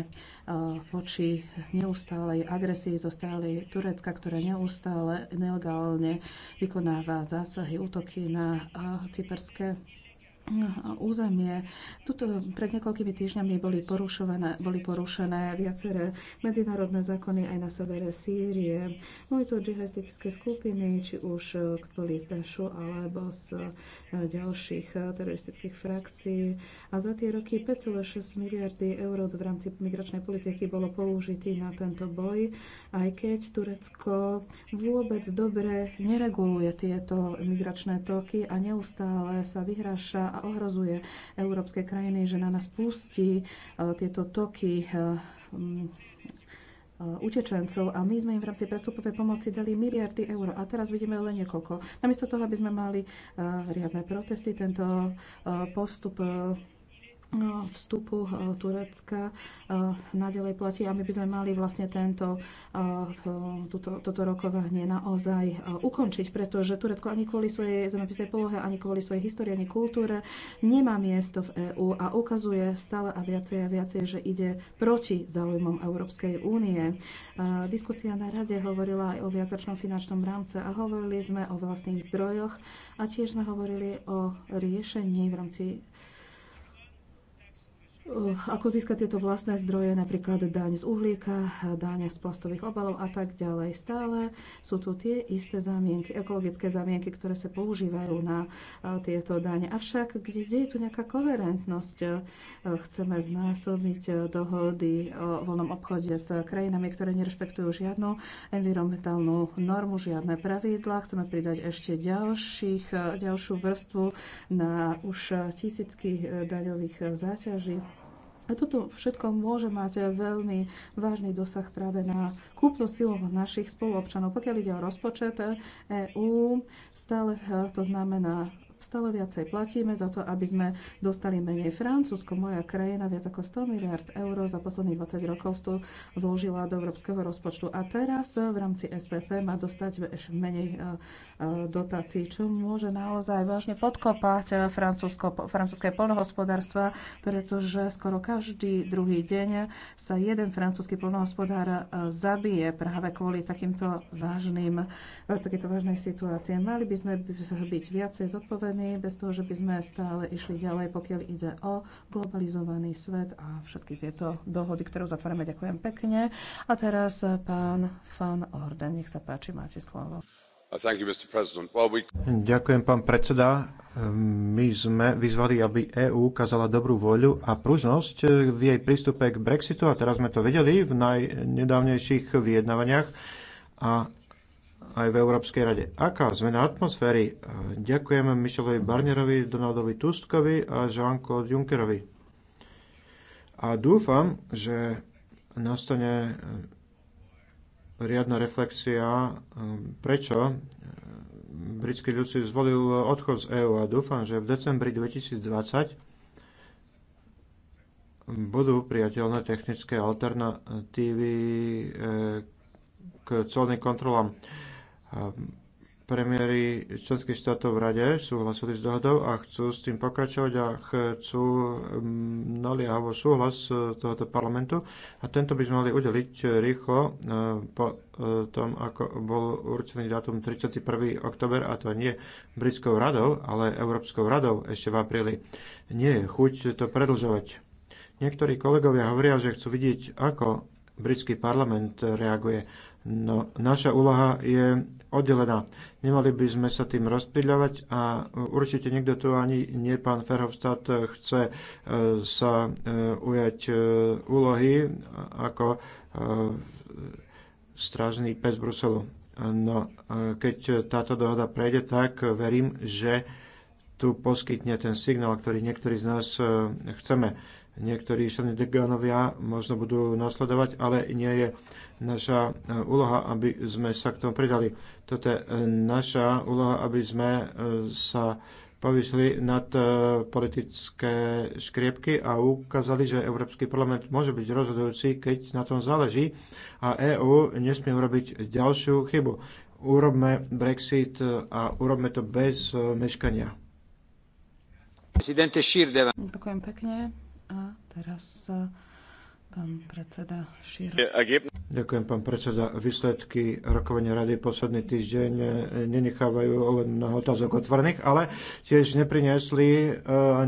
voči neustálej agresii zo strany Turecka, ktoré neustále nelegálne vykonáva zásahy, útoky na cyperské územie. Tuto pred niekoľkými týždňami boli, porušované, boli porušené viaceré medzinárodné zákony aj na severe Sýrie. Boli to džihadistické skupiny, či už boli eh, z Dašu alebo z eh, ďalších eh, teroristických frakcií. A za tie roky 5,6 miliardy eur v rámci migračnej politiky bolo použitý na tento boj, aj keď Turecko vôbec dobre nereguluje tieto migračné toky a neustále sa vyhráša a ohrozuje európske krajiny, že na nás pustí e, tieto toky e, e, utečencov a my sme im v rámci prestupovej pomoci dali miliardy eur a teraz vidíme len niekoľko. Namiesto toho, aby sme mali riadne protesty, tento postup vstupu e, Turecka e, nadalej platí a my by sme mali vlastne tento, e, toto rokovanie naozaj ukončiť, pretože Turecko ani kvôli svojej zemepisnej polohe, ani kvôli svojej histórii, ani kultúre nemá miesto v EÚ a ukazuje stále a viacej a viacej, že ide proti záujmom Európskej únie. Diskusia na rade hovorila aj o viacačnom finančnom rámce a hovorili sme o vlastných zdrojoch a tiež sme hovorili o riešení v rámci ako získať tieto vlastné zdroje, napríklad daň z uhlíka, daň z plastových obalov a tak ďalej. Stále sú tu tie isté zamienky, ekologické zamienky, ktoré sa používajú na tieto dane. Avšak, kde, kde je tu nejaká koherentnosť? Chceme znásobiť dohody o voľnom obchode s krajinami, ktoré nerešpektujú žiadnu environmentálnu normu, žiadne pravidlá. Chceme pridať ešte ďalších, ďalšiu vrstvu na už tisícky daňových záťaží a toto všetko môže mať veľmi vážny dosah práve na kúpnu silu našich spoluobčanov. Pokiaľ ide o rozpočet EÚ, stále e, to znamená stále viacej platíme za to, aby sme dostali menej. Francúzsko, moja krajina, viac ako 100 miliard eur za posledných 20 rokov tu vložila do európskeho rozpočtu. A teraz v rámci SPP má dostať ešte menej e, e, dotácií, čo môže naozaj vážne podkopať e, francúzske polnohospodárstva, pretože skoro každý druhý deň sa jeden francúzsky polnohospodár zabije práve kvôli takýmto vážnym, takéto vážnej situácie. Mali by sme byť viacej zodpovední pripravení, bez toho, že by sme stále išli ďalej, pokiaľ ide o globalizovaný svet a všetky tieto dohody, ktoré zatvárame. Ďakujem pekne. A teraz eh, pán Fan Orden, nech sa páči, máte slovo. Uh, you, well, we... Ďakujem, pán predseda. Eh, my sme vyzvali, aby EÚ ukázala dobrú voľu a pružnosť eh, v jej prístupe k Brexitu a teraz sme to videli v najnedávnejších vyjednávaniach. A aj v Európskej rade. Aká zmena atmosféry? E, ďakujem Michelovi Barnerovi, Donaldovi Tuskovi a Jean-Claude Junckerovi. A dúfam, že nastane e, riadna reflexia, e, prečo britský ľud si zvolil odchod z EÚ a dúfam, že v decembri 2020 budú priateľné technické alternatívy k colným kontrolám premiéry členských štátov v rade súhlasili s dohodou a chcú s tým pokračovať a chcú mm, naliehavo súhlas e, tohoto parlamentu a tento by sme mali udeliť rýchlo e, po e, tom, ako bol určený dátum 31. oktober a to nie britskou radou, ale Európskou radou ešte v apríli. Nie je chuť to predlžovať. Niektorí kolegovia hovoria, že chcú vidieť, ako britský parlament reaguje. No, naša úloha je oddelená. Nemali by sme sa tým rozptýľovať a určite nikto tu ani nie pán Ferhovstad chce e, sa e, ujať e, úlohy ako strážny pes Bruselu. No, keď táto dohoda prejde, tak verím, že tu poskytne ten signál, ktorý niektorí z nás chceme niektorí Šanedegánovia možno budú nasledovať, ale nie je naša e, úloha, aby sme sa k tomu pridali. Toto je e, naša úloha, aby sme e, sa povyšli nad politické škriepky a ukázali, že Európsky parlament môže byť rozhodujúci, keď na tom záleží a EÚ nesmie urobiť ďalšiu chybu. Urobme Brexit a urobme to bez meškania. Ďakujem pekne. A teraz eh, pán predseda Širo. Ďakujem, pán predseda. Výsledky rokovania rady posledný týždeň eh, nenechávajú len mnoho otázok otvorených, ale tiež nepriniesli, eh,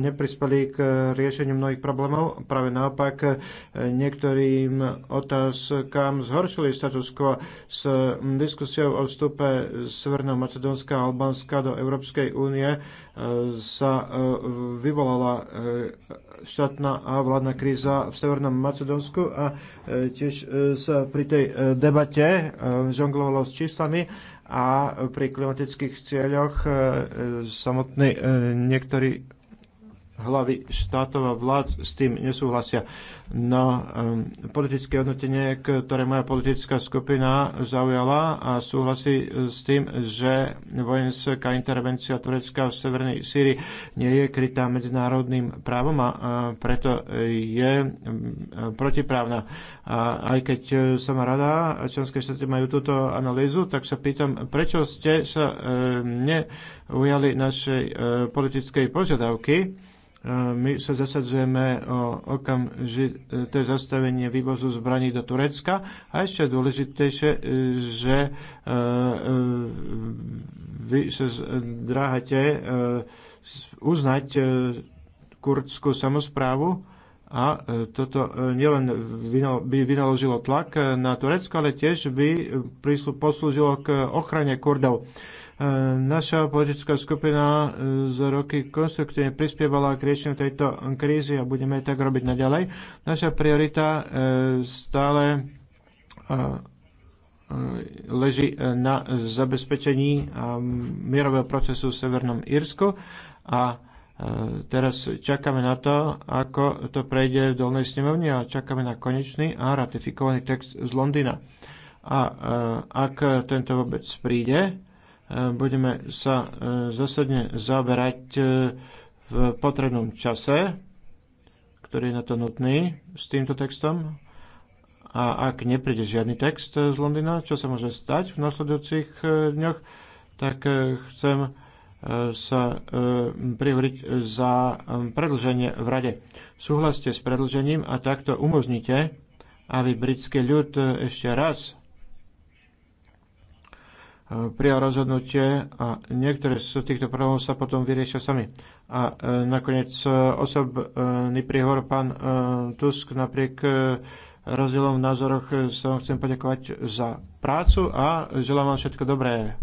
neprispeli k riešeniu mnohých problémov. Práve naopak, eh, niektorým otázkam zhoršili status quo s mm, diskusiou o vstupe Severného Macedónska a Albánska do Európskej únie sa vyvolala štátna a vládna kríza v Severnom Macedónsku a tiež sa pri tej e, debate e, žonglovalo s číslami a pri klimatických cieľoch e, samotní niektorí hlavy štátov a vlád s tým nesúhlasia. No, um, politické hodnotenie, ktoré moja politická skupina zaujala a súhlasí s tým, že vojenská intervencia Turecka v severnej Sýrii nie je krytá medzinárodným právom a preto je protiprávna. A aj keď som rada, členské štáty majú túto analýzu, tak sa pýtam, prečo ste sa neujali našej politickej požiadavky, my sa zasadzujeme o okamžité zastavenie vývozu zbraní do Turecka a ešte dôležitejšie, e, že e, e, vy sa zdráhate uznať kurdskú samozprávu a toto nielen by vynaložilo tlak na Turecko, ale tiež by poslúžilo k ochrane Kurdov. E, naša politická skupina e, za roky konstruktívne prispievala k riešeniu tejto krízy a budeme tak robiť naďalej. Naša priorita e, stále leží na zabezpečení mierového procesu v Severnom Írsku a teraz čakáme na to, ako to prejde v dolnej snemovni a čakáme na konečný a ratifikovaný text z Londýna. A ak tento vôbec príde, E, budeme sa e, zásadne zaoberať e, v potrebnom čase, ktorý je na to nutný s týmto textom. A ak nepríde žiadny text z Londýna, čo sa môže stať v nasledujúcich dňoch, tak chcem sa prihovoriť za predlženie v Rade. Súhlaste s predlžením a takto umožnite, aby britský ľud ešte raz E, prijal rozhodnutie a niektoré z týchto problémov sa potom vyriešia sami. A e, nakoniec e, osobný príhovor pán Tusk napriek rozdielom v názoroch sa vám chcem poďakovať za prácu a želám vám všetko dobré.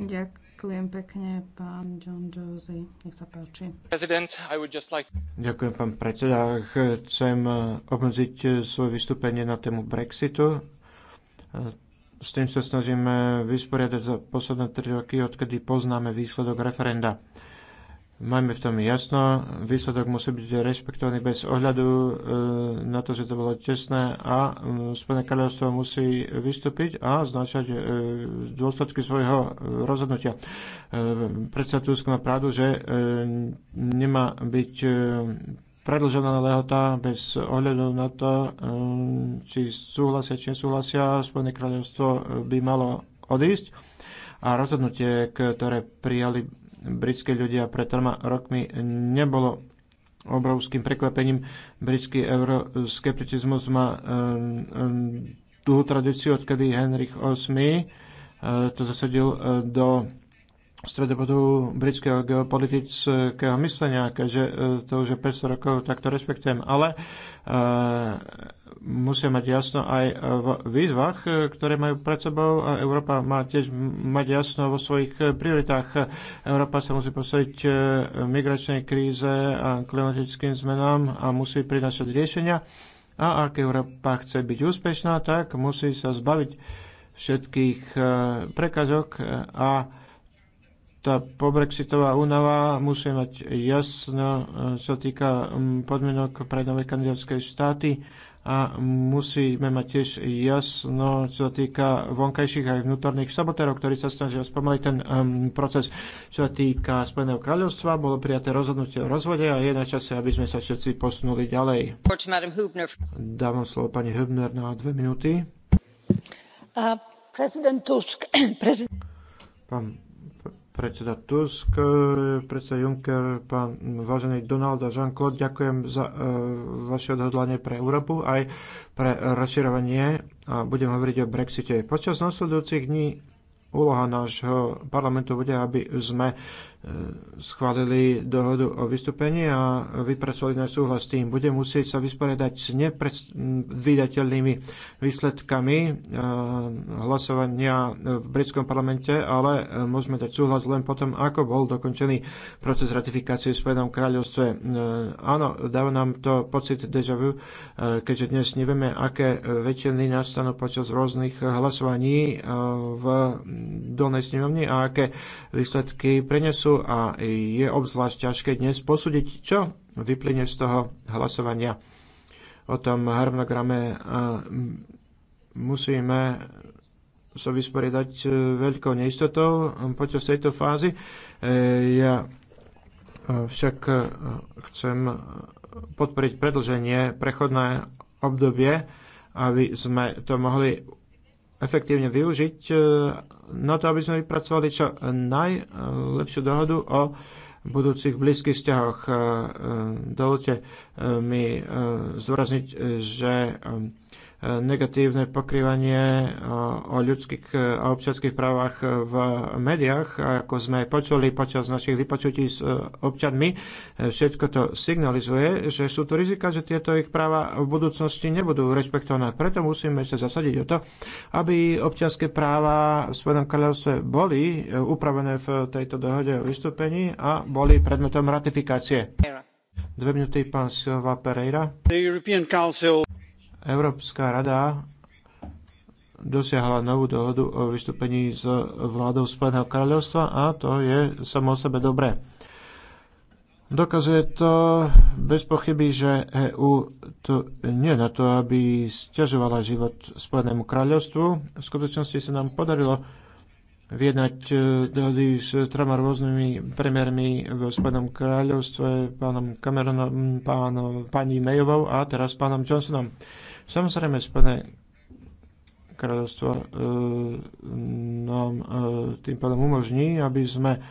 Ďakujem pekne, pán John Josie. Nech sa páči. Like... Ďakujem, pán predseda. Chcem obmedziť svoje vystúpenie na tému Brexitu s tým sa snažíme vysporiadať za posledné tri roky, odkedy poznáme výsledok referenda. Majme v tom jasno, výsledok musí byť rešpektovaný bez ohľadu e, na to, že to bolo tesné a e, Spojené kráľovstvo musí vystúpiť a znašať e, dôsledky svojho rozhodnutia. predsa Tusk má pravdu, že nemá byť predlžená lehota bez ohľadu na to, um, či súhlasia, či nesúhlasia, Spojené kráľovstvo by malo odísť. A rozhodnutie, ktoré prijali britské ľudia pred troma rokmi, nebolo obrovským prekvapením. Britský euroskepticizmus má um, um, dlhú tradíciu, odkedy Henrich VIII uh, to zasadil uh, do stredobodu britského geopolitického myslenia, keďže e, to už je 500 rokov, tak to rešpektujem. Ale e, musia mať jasno aj v výzvach, e, ktoré majú pred sebou a Európa má tiež mať jasno vo svojich prioritách. Európa sa musí postaviť migračnej kríze a klimatickým zmenám a musí prinašať riešenia. A ak Európa chce byť úspešná, tak musí sa zbaviť všetkých prekazok a tá pobrexitová únava musí mať jasno, eh, čo týka mm, podmienok pre nové kandidátske štáty a musíme mať tiež jasno, čo týka vonkajších aj vnútorných sabotérov, ktorí sa snažia spomaliť ten um, proces, čo týka Spojeného kráľovstva. Bolo prijaté rozhodnutie o rozvode a je na čase, aby sme sa všetci posunuli ďalej. Dávam slovo pani Hübner na dve minúty. Uh, prezident Tusk. prezident... Pán predseda Tusk, e, predseda Juncker, pán vážený Donald a Jean-Claude, ďakujem za e, vaše odhodlanie pre Európu aj pre rozširovanie a budem hovoriť o Brexite. Počas nasledujúcich dní úloha nášho parlamentu bude, aby sme E, schválili dohodu o vystúpení a vypracovali na súhlas s tým. Bude musieť sa vysporiadať s nepredvídateľnými výsledkami e, hlasovania v britskom parlamente, ale e, môžeme dať súhlas len potom, ako bol dokončený proces ratifikácie v Spojenom kráľovstve. Áno, dáva nám to pocit deja vu, keďže dnes nevieme, aké väčšiny nastanú počas rôznych hlasovaní v dolnej snemovni a aké výsledky prenesú času a je obzvlášť ťažké dnes posúdiť, čo vyplyne z toho hlasovania o tom harmonograme. A musíme sa vysporiadať veľkou neistotou počas tejto fázy. E, ja e, však e, chcem podporiť predlženie prechodné obdobie, aby sme to mohli efektívne využiť e, na to, aby sme vypracovali čo najlepšiu dohodu o budúcich blízkych vzťahoch. E, e, dovolte mi zdôrazniť, že negatívne pokrývanie eh, o ľudských eh, a občianských právach v médiách, ako sme počuli počas našich vypočutí s eh, občanmi. Všetko to signalizuje, že sú tu rizika, že tieto ich práva v budúcnosti nebudú rešpektované. Preto musíme sa zasadiť o to, aby občianské práva v Svojom kráľovstve boli upravené v tejto dohode o vystúpení a boli predmetom ratifikácie. Dve minúty, pán Silva Pereira. Európska rada dosiahla novú dohodu o vystúpení s vládou Spojeného kráľovstva a to je samo o sebe dobré. Dokazuje to bez pochyby, že EÚ to nie na to, aby stiažovala život Spojenému kráľovstvu. V skutočnosti sa nám podarilo vyjednať e, dohody s troma rôznymi premiérmi v Spojenom kráľovstve, pánom Cameronom, pánom, pani Mayovou a teraz pánom Johnsonom. Samozrejme, spadne kráľovstvo e, nám e, tým pádom umožní, aby sme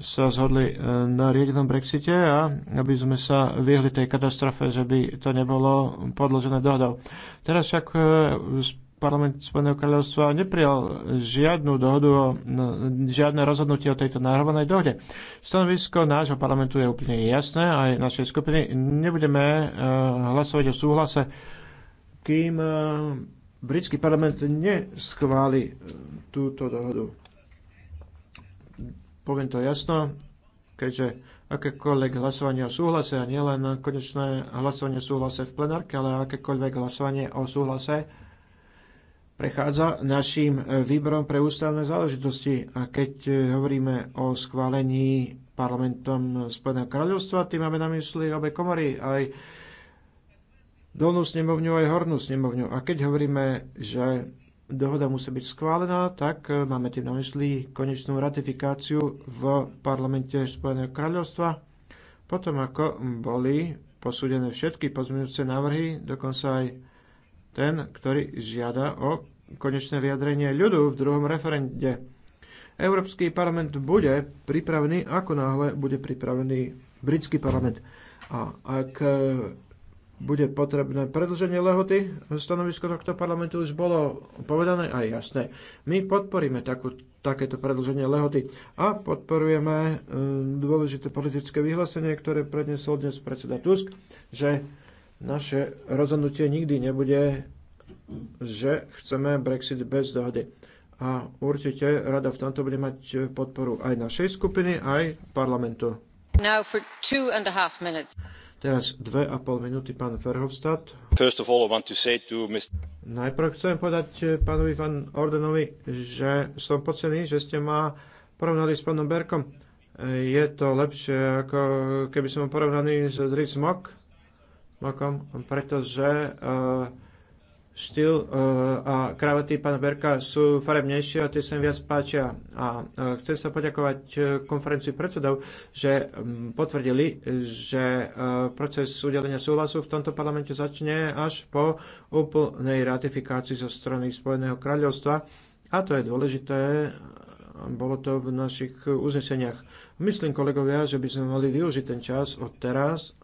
sa zhodli e, na riedenom Brexite a aby sme sa vyhli tej katastrofe, že by to nebolo podložené dohodou. Teraz však e, parlament Spojeného kráľovstva neprijal žiadnu dohodu, o, no, žiadne rozhodnutie o tejto nárovanej dohode. Stanovisko nášho parlamentu je úplne jasné, aj našej skupiny. Nebudeme e, hlasovať o súhlase kým e, britský parlament neschváli e, túto dohodu. Poviem to jasno, keďže akékoľvek hlasovanie o súhlase, a nielen konečné hlasovanie o súhlase v plenárke, ale akékoľvek hlasovanie o súhlase prechádza našim e, výborom pre ústavné záležitosti. A keď hovoríme o schválení parlamentom Spojeného kráľovstva, tým máme na mysli obe komory, aj dolnú snemovňu aj hornú snemovňu. A keď hovoríme, že dohoda musí byť schválená, tak e, máme tým na mysli konečnú ratifikáciu v parlamente Spojeného kráľovstva. Potom ako boli posúdené všetky pozmeňujúce návrhy, dokonca aj ten, ktorý žiada o konečné vyjadrenie ľudu v druhom referende. Európsky parlament bude pripravený, ako náhle bude pripravený britský parlament. A ak e, bude potrebné predlženie lehoty. Stanovisko tohto parlamentu už bolo povedané a jasné. My podporíme takú, takéto predlženie lehoty a podporujeme e, dôležité politické vyhlásenie, ktoré predniesol dnes predseda Tusk, že naše rozhodnutie nikdy nebude, že chceme Brexit bez dohody. A určite rada v tomto bude mať podporu aj našej skupiny, aj parlamentu. Now for two and a half minutes. Teraz dve a pol minúty, pán Verhofstadt. First of all, I want to say to Mr. Najprv chcem povedať eh, pánovi Van Ordenovi, že som pocený, že ste ma porovnali s pánom Berkom. Eh, je to lepšie, ako keby som porovnaný s Dries Mokom, pretože uh, štýl eh, a kravaty pána Berka sú farebnejšie a tie sa im viac páčia. A eh, chcem sa poďakovať eh, konferenciu predsedov, že mm, potvrdili, že proces udelenia súhlasu v tomto parlamente začne až po úplnej ratifikácii zo strany Spojeného kráľovstva. A to je dôležité, bolo to v našich uzneseniach. Myslím, kolegovia, že by sme mali využiť ten čas od teraz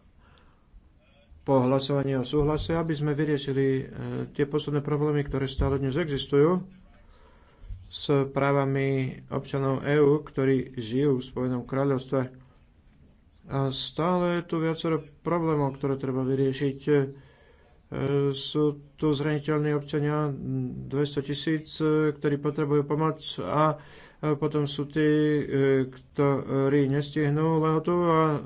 po hlasovaní o súhlase, aby sme vyriešili e, tie posledné problémy, ktoré stále dnes existujú s právami občanov EÚ, ktorí žijú v Spojenom kráľovstve. A stále je tu viacero problémov, ktoré treba vyriešiť. E, sú tu zraniteľní občania 200 tisíc, e, ktorí potrebujú pomoc a potom sú tí, ktorí nestihnú lehotu a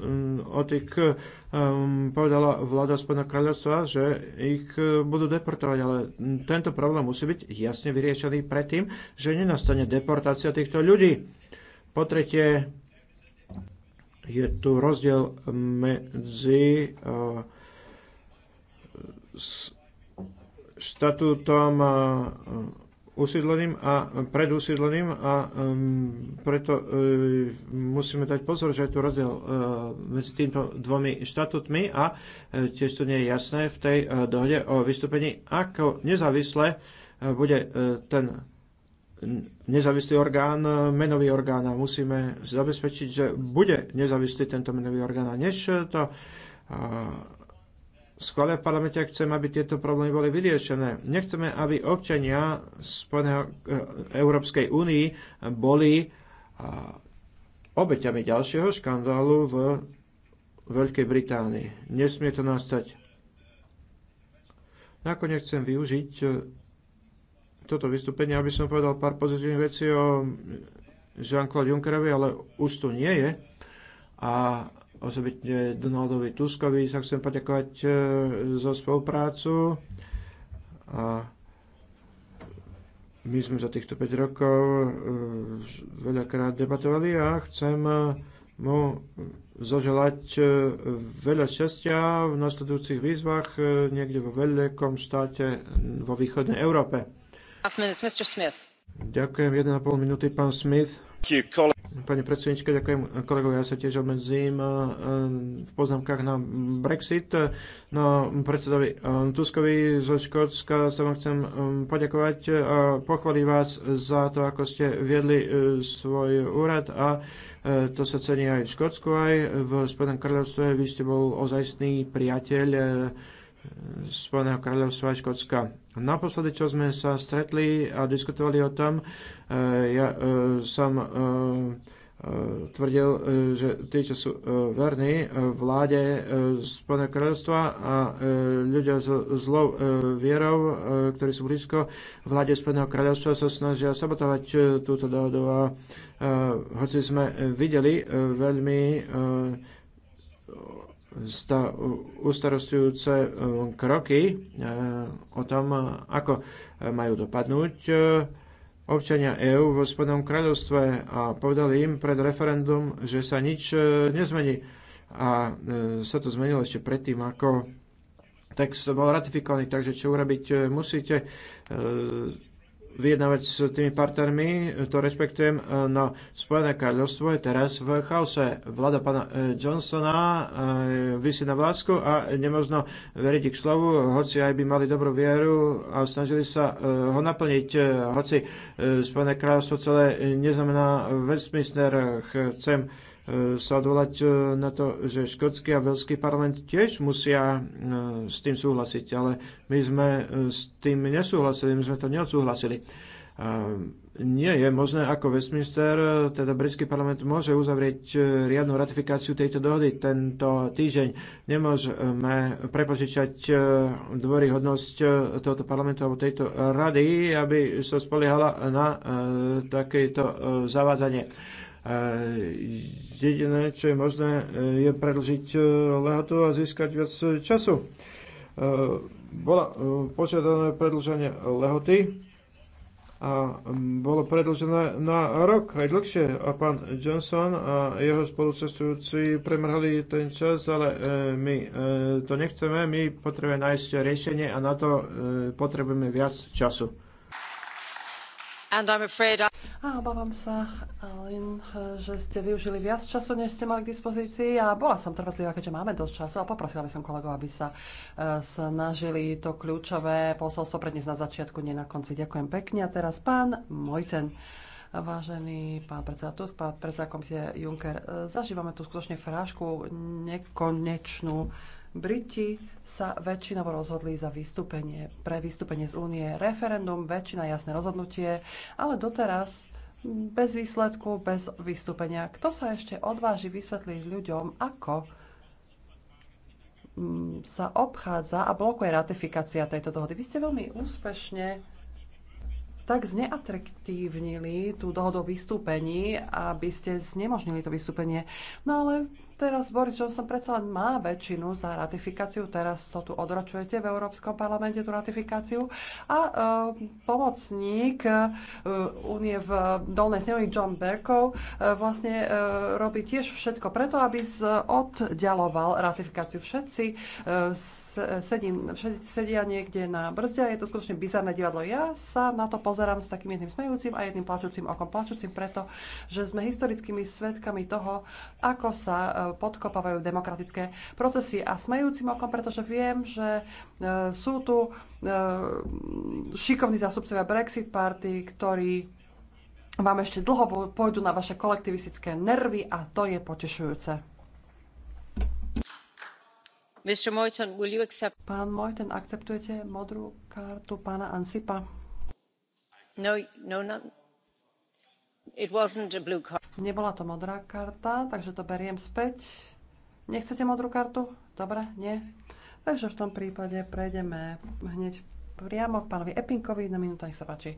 o tých um, povedala vláda Spojeného kráľovstva, že ich e, budú deportovať, ale tento problém musí byť jasne vyriešený predtým, že nenastane deportácia týchto ľudí. Po tretie, je tu rozdiel medzi uh, e, štatútom uh, e, usídleným a pred a um, preto um, musíme dať pozor, že je tu rozdiel uh, medzi týmto dvomi štatutmi a uh, tiež to nie je jasné v tej uh, dohode o vystúpení, ako nezávisle uh, bude uh, ten nezávislý orgán, menový orgán a musíme zabezpečiť, že bude nezávislý tento menový orgán a než to uh, schvália v parlamente a chceme, aby tieto problémy boli vyriešené. Nechceme, aby občania Spojeného eh, Európskej únii boli eh, obeťami ďalšieho škandálu v Veľkej Británii. Nesmie to nastať. Nakoniec chcem využiť eh, toto vystúpenie, aby som povedal pár pozitívnych vecí o Jean-Claude Junckerovi, ale už tu nie je. A osobitne Donaldovi Tuskovi sa chcem poďakovať e, za spoluprácu. A my sme za týchto 5 rokov e, veľakrát debatovali a chcem e, mu zaželať veľa šťastia v nasledujúcich výzvach niekde vo veľkom štáte vo východnej Európe. Ďakujem, 1,5 minúty, pán Smith. Pani predsednička, ďakujem kolegovi, ja sa tiež obmedzím eh, eh, v poznámkach na Brexit. No, predsedovi eh, Tuskovi zo Škótska sa vám chcem poďakovať a pochváliť vás za to, ako ste viedli svoj úrad a to sa cení aj v Škótsku, aj v Spodnom kráľovstve. Vy ste bol ozajstný priateľ Spojeného kráľovstva a Škótska. Naposledy, čo sme sa stretli a diskutovali o tom, e, ja e, som e, tvrdil, že tí, čo sú verní vláde Spojeného kráľovstva a ľudia s zlou vierou, ktorí sú blízko vláde Spojeného kráľovstva, sa snažia sabotovať túto dohodu. A hoci sme videli veľmi sta, ustarostujúce e, kroky e, o tom, e, ako majú dopadnúť občania EÚ v hospodnom kráľovstve a povedali im pred referendum, že sa nič nezmení. A sa to zmenilo ešte predtým, ako text bol ratifikovaný. Takže čo urobiť musíte? vyjednávať s tými partnermi, to rešpektujem, e, no Spojené kráľovstvo je teraz v chaose. Vláda pána e, Johnsona e, vysí na vlásku a nemožno veriť ich slovu, hoci aj by mali dobrú vieru a snažili sa ho naplniť, hoci Spojené kráľovstvo celé neznamená Westminster, chcem E, sa odvolať e, na to, že škótsky a veľský parlament tiež musia e, s tým súhlasiť, ale my sme s tým nesúhlasili, my sme to neodsúhlasili. Nie je možné, ako Westminster, teda britský parlament môže uzavrieť riadnu ratifikáciu tejto dohody tento týždeň. Nemôžeme prepožičať dvoryhodnosť tohoto parlamentu alebo tejto rady, aby sa spoliehala na takéto zavádzanie Jediné, čo je možné, je predlžiť e, lehotu a získať viac času. E, bolo e, požiadané predlženie lehoty a bolo predlžené na rok aj dlhšie a pán Johnson a jeho spolucestujúci premrhali ten čas, ale my to nechceme, my potrebujeme nájsť riešenie a na to potrebujeme viac času. And I'm afraid I... A obávam sa, Alin, že ste využili viac času, než ste mali k dispozícii a bola som trvatlivá, keďže máme dosť času a poprosila by som kolegov, aby sa e, snažili to kľúčové posolstvo predniesť na začiatku, nie na konci. Ďakujem pekne. A teraz pán Mojten. Vážený pán predseda Tusk, pán predseda komisie Juncker, e, zažívame tu skutočne frášku nekonečnú. Briti sa väčšinovo rozhodli za vystúpenie, pre vystúpenie z únie. Referendum, väčšina jasné rozhodnutie, ale doteraz bez výsledku, bez vystúpenia. Kto sa ešte odváži vysvetliť ľuďom, ako mm, sa obchádza a blokuje ratifikácia tejto dohody. Vy ste veľmi úspešne tak zneatraktívnili tú dohodu o vystúpení, aby ste znemožnili to vystúpenie. No ale Teraz Boris Johnson predsa len má väčšinu za ratifikáciu, teraz to tu odročujete v Európskom parlamente, tú ratifikáciu. A e, pomocník únie e, v Dolnej snemovni John Berkov e, vlastne e, robí tiež všetko preto, aby z, oddialoval ratifikáciu. Všetci, e, sedí, všetci sedia niekde na brzde a je to skutočne bizarné divadlo. Ja sa na to pozerám s takým jedným smejúcim a jedným plačúcim okom. Plačúcim preto, že sme historickými svetkami toho, ako sa e, podkopávajú demokratické procesy. A smejúcim okom, pretože viem, že e, sú tu e, šikovní zástupcovia Brexit Party, ktorí vám ešte dlho pôjdu na vaše kolektivistické nervy a to je potešujúce. accept... Pán Mojten, akceptujete modrú kartu pána Ansipa? No, no, no. Nebola to modrá karta, takže to beriem späť. Nechcete modrú kartu? Dobre, nie. Takže v tom prípade prejdeme hneď priamo k pánovi Epinkovi. Na minúta, nech sa páči.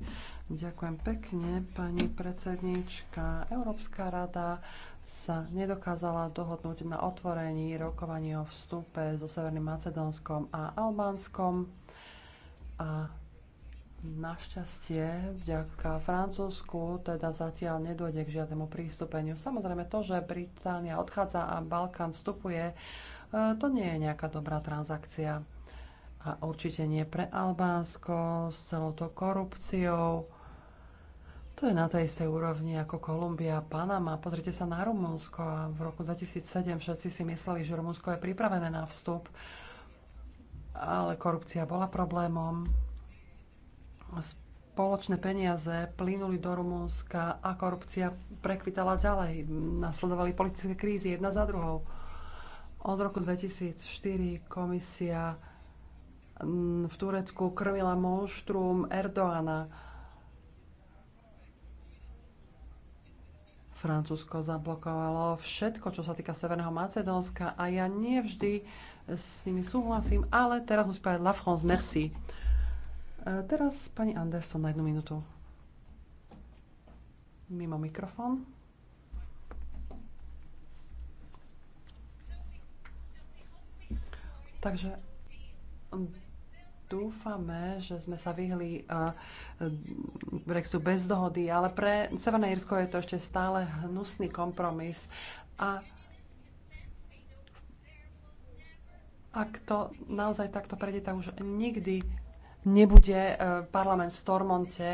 Ďakujem pekne, pani predsednička. Európska rada sa nedokázala dohodnúť na otvorení rokovania o vstupe so Severným Macedónskom a Albánskom. A Našťastie, vďaka Francúzsku, teda zatiaľ nedôjde k žiadnemu prístupeniu. Samozrejme to, že Británia odchádza a Balkán vstupuje, e, to nie je nejaká dobrá transakcia. A určite nie pre Albánsko s celou tou korupciou. To je na tej istej úrovni ako Kolumbia, Panama. Pozrite sa na Rumunsko. a V roku 2007 všetci si mysleli, že Rumunsko je pripravené na vstup, ale korupcia bola problémom spoločné peniaze plynuli do Rumúnska a korupcia prekvitala ďalej. Nasledovali politické krízy jedna za druhou. Od roku 2004 komisia mm, v Turecku krmila monštrum Erdoána. Francúzsko zablokovalo všetko, čo sa týka Severného Macedónska a ja nevždy s nimi súhlasím, ale teraz musím povedať La France merci. E, teraz pani Anderson na jednu minútu. Mimo mikrofón. Takže dúfame, že sme sa vyhli e, Brexitu bez dohody, ale pre Severné Irsko je to ešte stále hnusný kompromis a ak to naozaj takto prejde, tak už nikdy nebude e, parlament v Stormonte,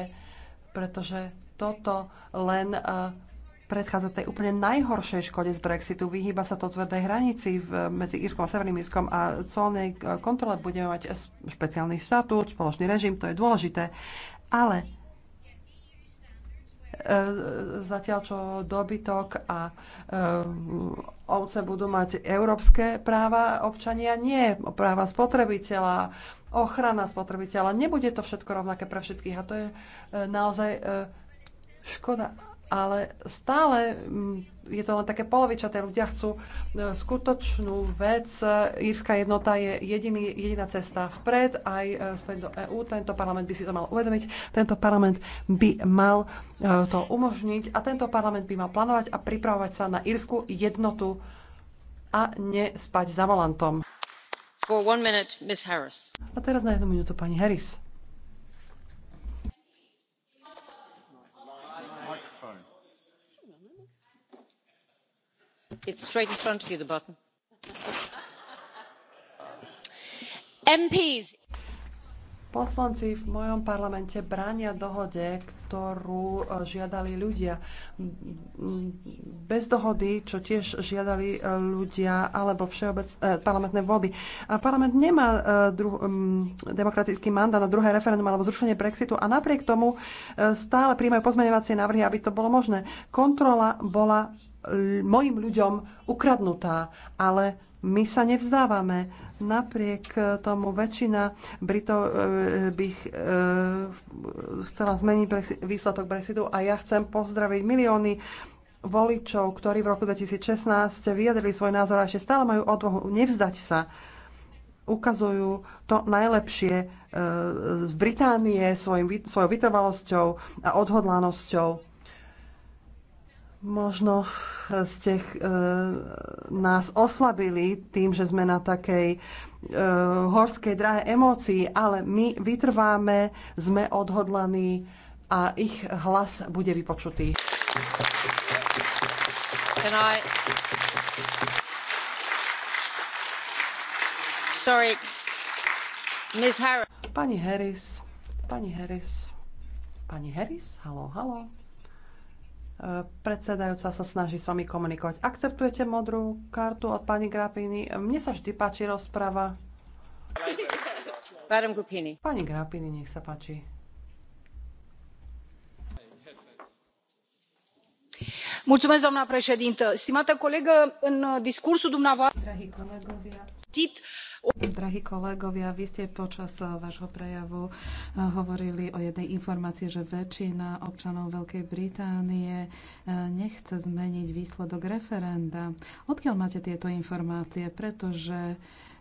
pretože toto len e, predchádza tej úplne najhoršej škode z Brexitu. Vyhýba sa to tvrdej hranici medzi Írskom a Severným Írskom a colnej e, kontrole budeme mať špeciálny štatút, spoločný režim, to je dôležité. Ale E, zatiaľ čo dobytok a e, ovce budú mať európske práva občania, nie práva spotrebiteľa, ochrana spotrebiteľa. Nebude to všetko rovnaké pre všetkých a to je e, naozaj škoda ale stále mm, je to len také polovičaté. Ľudia chcú e, skutočnú vec. Írska jednota je jediný, jediná cesta vpred, aj e, späť do EÚ. Tento parlament by si to mal uvedomiť. Tento parlament by mal e, to umožniť a tento parlament by mal plánovať a pripravovať sa na írsku jednotu a nespať za volantom. For one minute, Ms. Harris. A teraz na jednu minútu pani Harris. Poslanci v mojom parlamente bránia dohode, ktorú e, žiadali ľudia. Bez dohody, čo tiež žiadali e, ľudia, alebo všeobec, e, parlamentné voľby. A parlament nemá demokratický mandát na druhé referendum alebo zrušenie Brexitu a napriek tomu stále príjmajú pozmeňovacie návrhy, aby to bolo možné. Kontrola bola mojim ľuďom ukradnutá, ale my sa nevzdávame. Napriek tomu väčšina Britov e, by e, chcela zmeniť výsledok Brexitu a ja chcem pozdraviť milióny voličov, ktorí v roku 2016 vyjadrili svoj názor a ešte stále majú odvahu nevzdať sa. Ukazujú to najlepšie e, z Británie svojou vytrvalosťou a odhodlanosťou Možno eh, ste eh, nás oslabili tým, že sme na takej eh, horskej drahe emócií, ale my vytrváme, sme odhodlaní a ich hlas bude vypočutý. Can I... Sorry. Ms. Harris. Pani Harris, pani Harris, pani Harris, halo, halo. Predsedajúca sa snaží s vami komunikovať. Akceptujete modrú kartu od pani Grapini? Mne sa vždy páči rozprava. Pani Grapini, nech sa páči. Mulțumesc, doamna președintă stimată colegă în discursul dumneavoastră Dragii colegovia... Drahí kolegovia, vy ste počas eh, vášho prejavu eh, hovorili o jednej informácii, že väčšina občanov Veľkej Británie eh, nechce zmeniť výsledok referenda. Odkiaľ máte tieto informácie? Pretože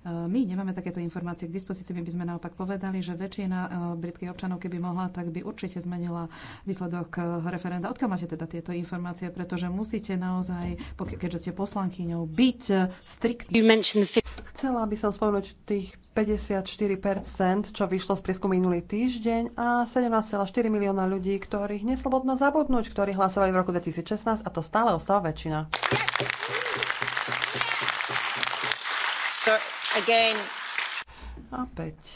Eh, my nemáme takéto informácie k dispozícii, my by sme naopak povedali, že väčšina eh, britských občanov, keby mohla, tak by určite zmenila výsledok eh, referenda. Odkiaľ máte teda tieto informácie? Pretože musíte naozaj, keďže ste poslankyňou, byť striktní. Chcela by som spomenúť tých 54%, čo vyšlo z prieskumu minulý týždeň a 17,4 milióna ľudí, ktorých neslobodno zabudnúť, ktorí hlasovali v roku 2016 a to stále ostáva väčšina. Yes! Yes! Again. Opäť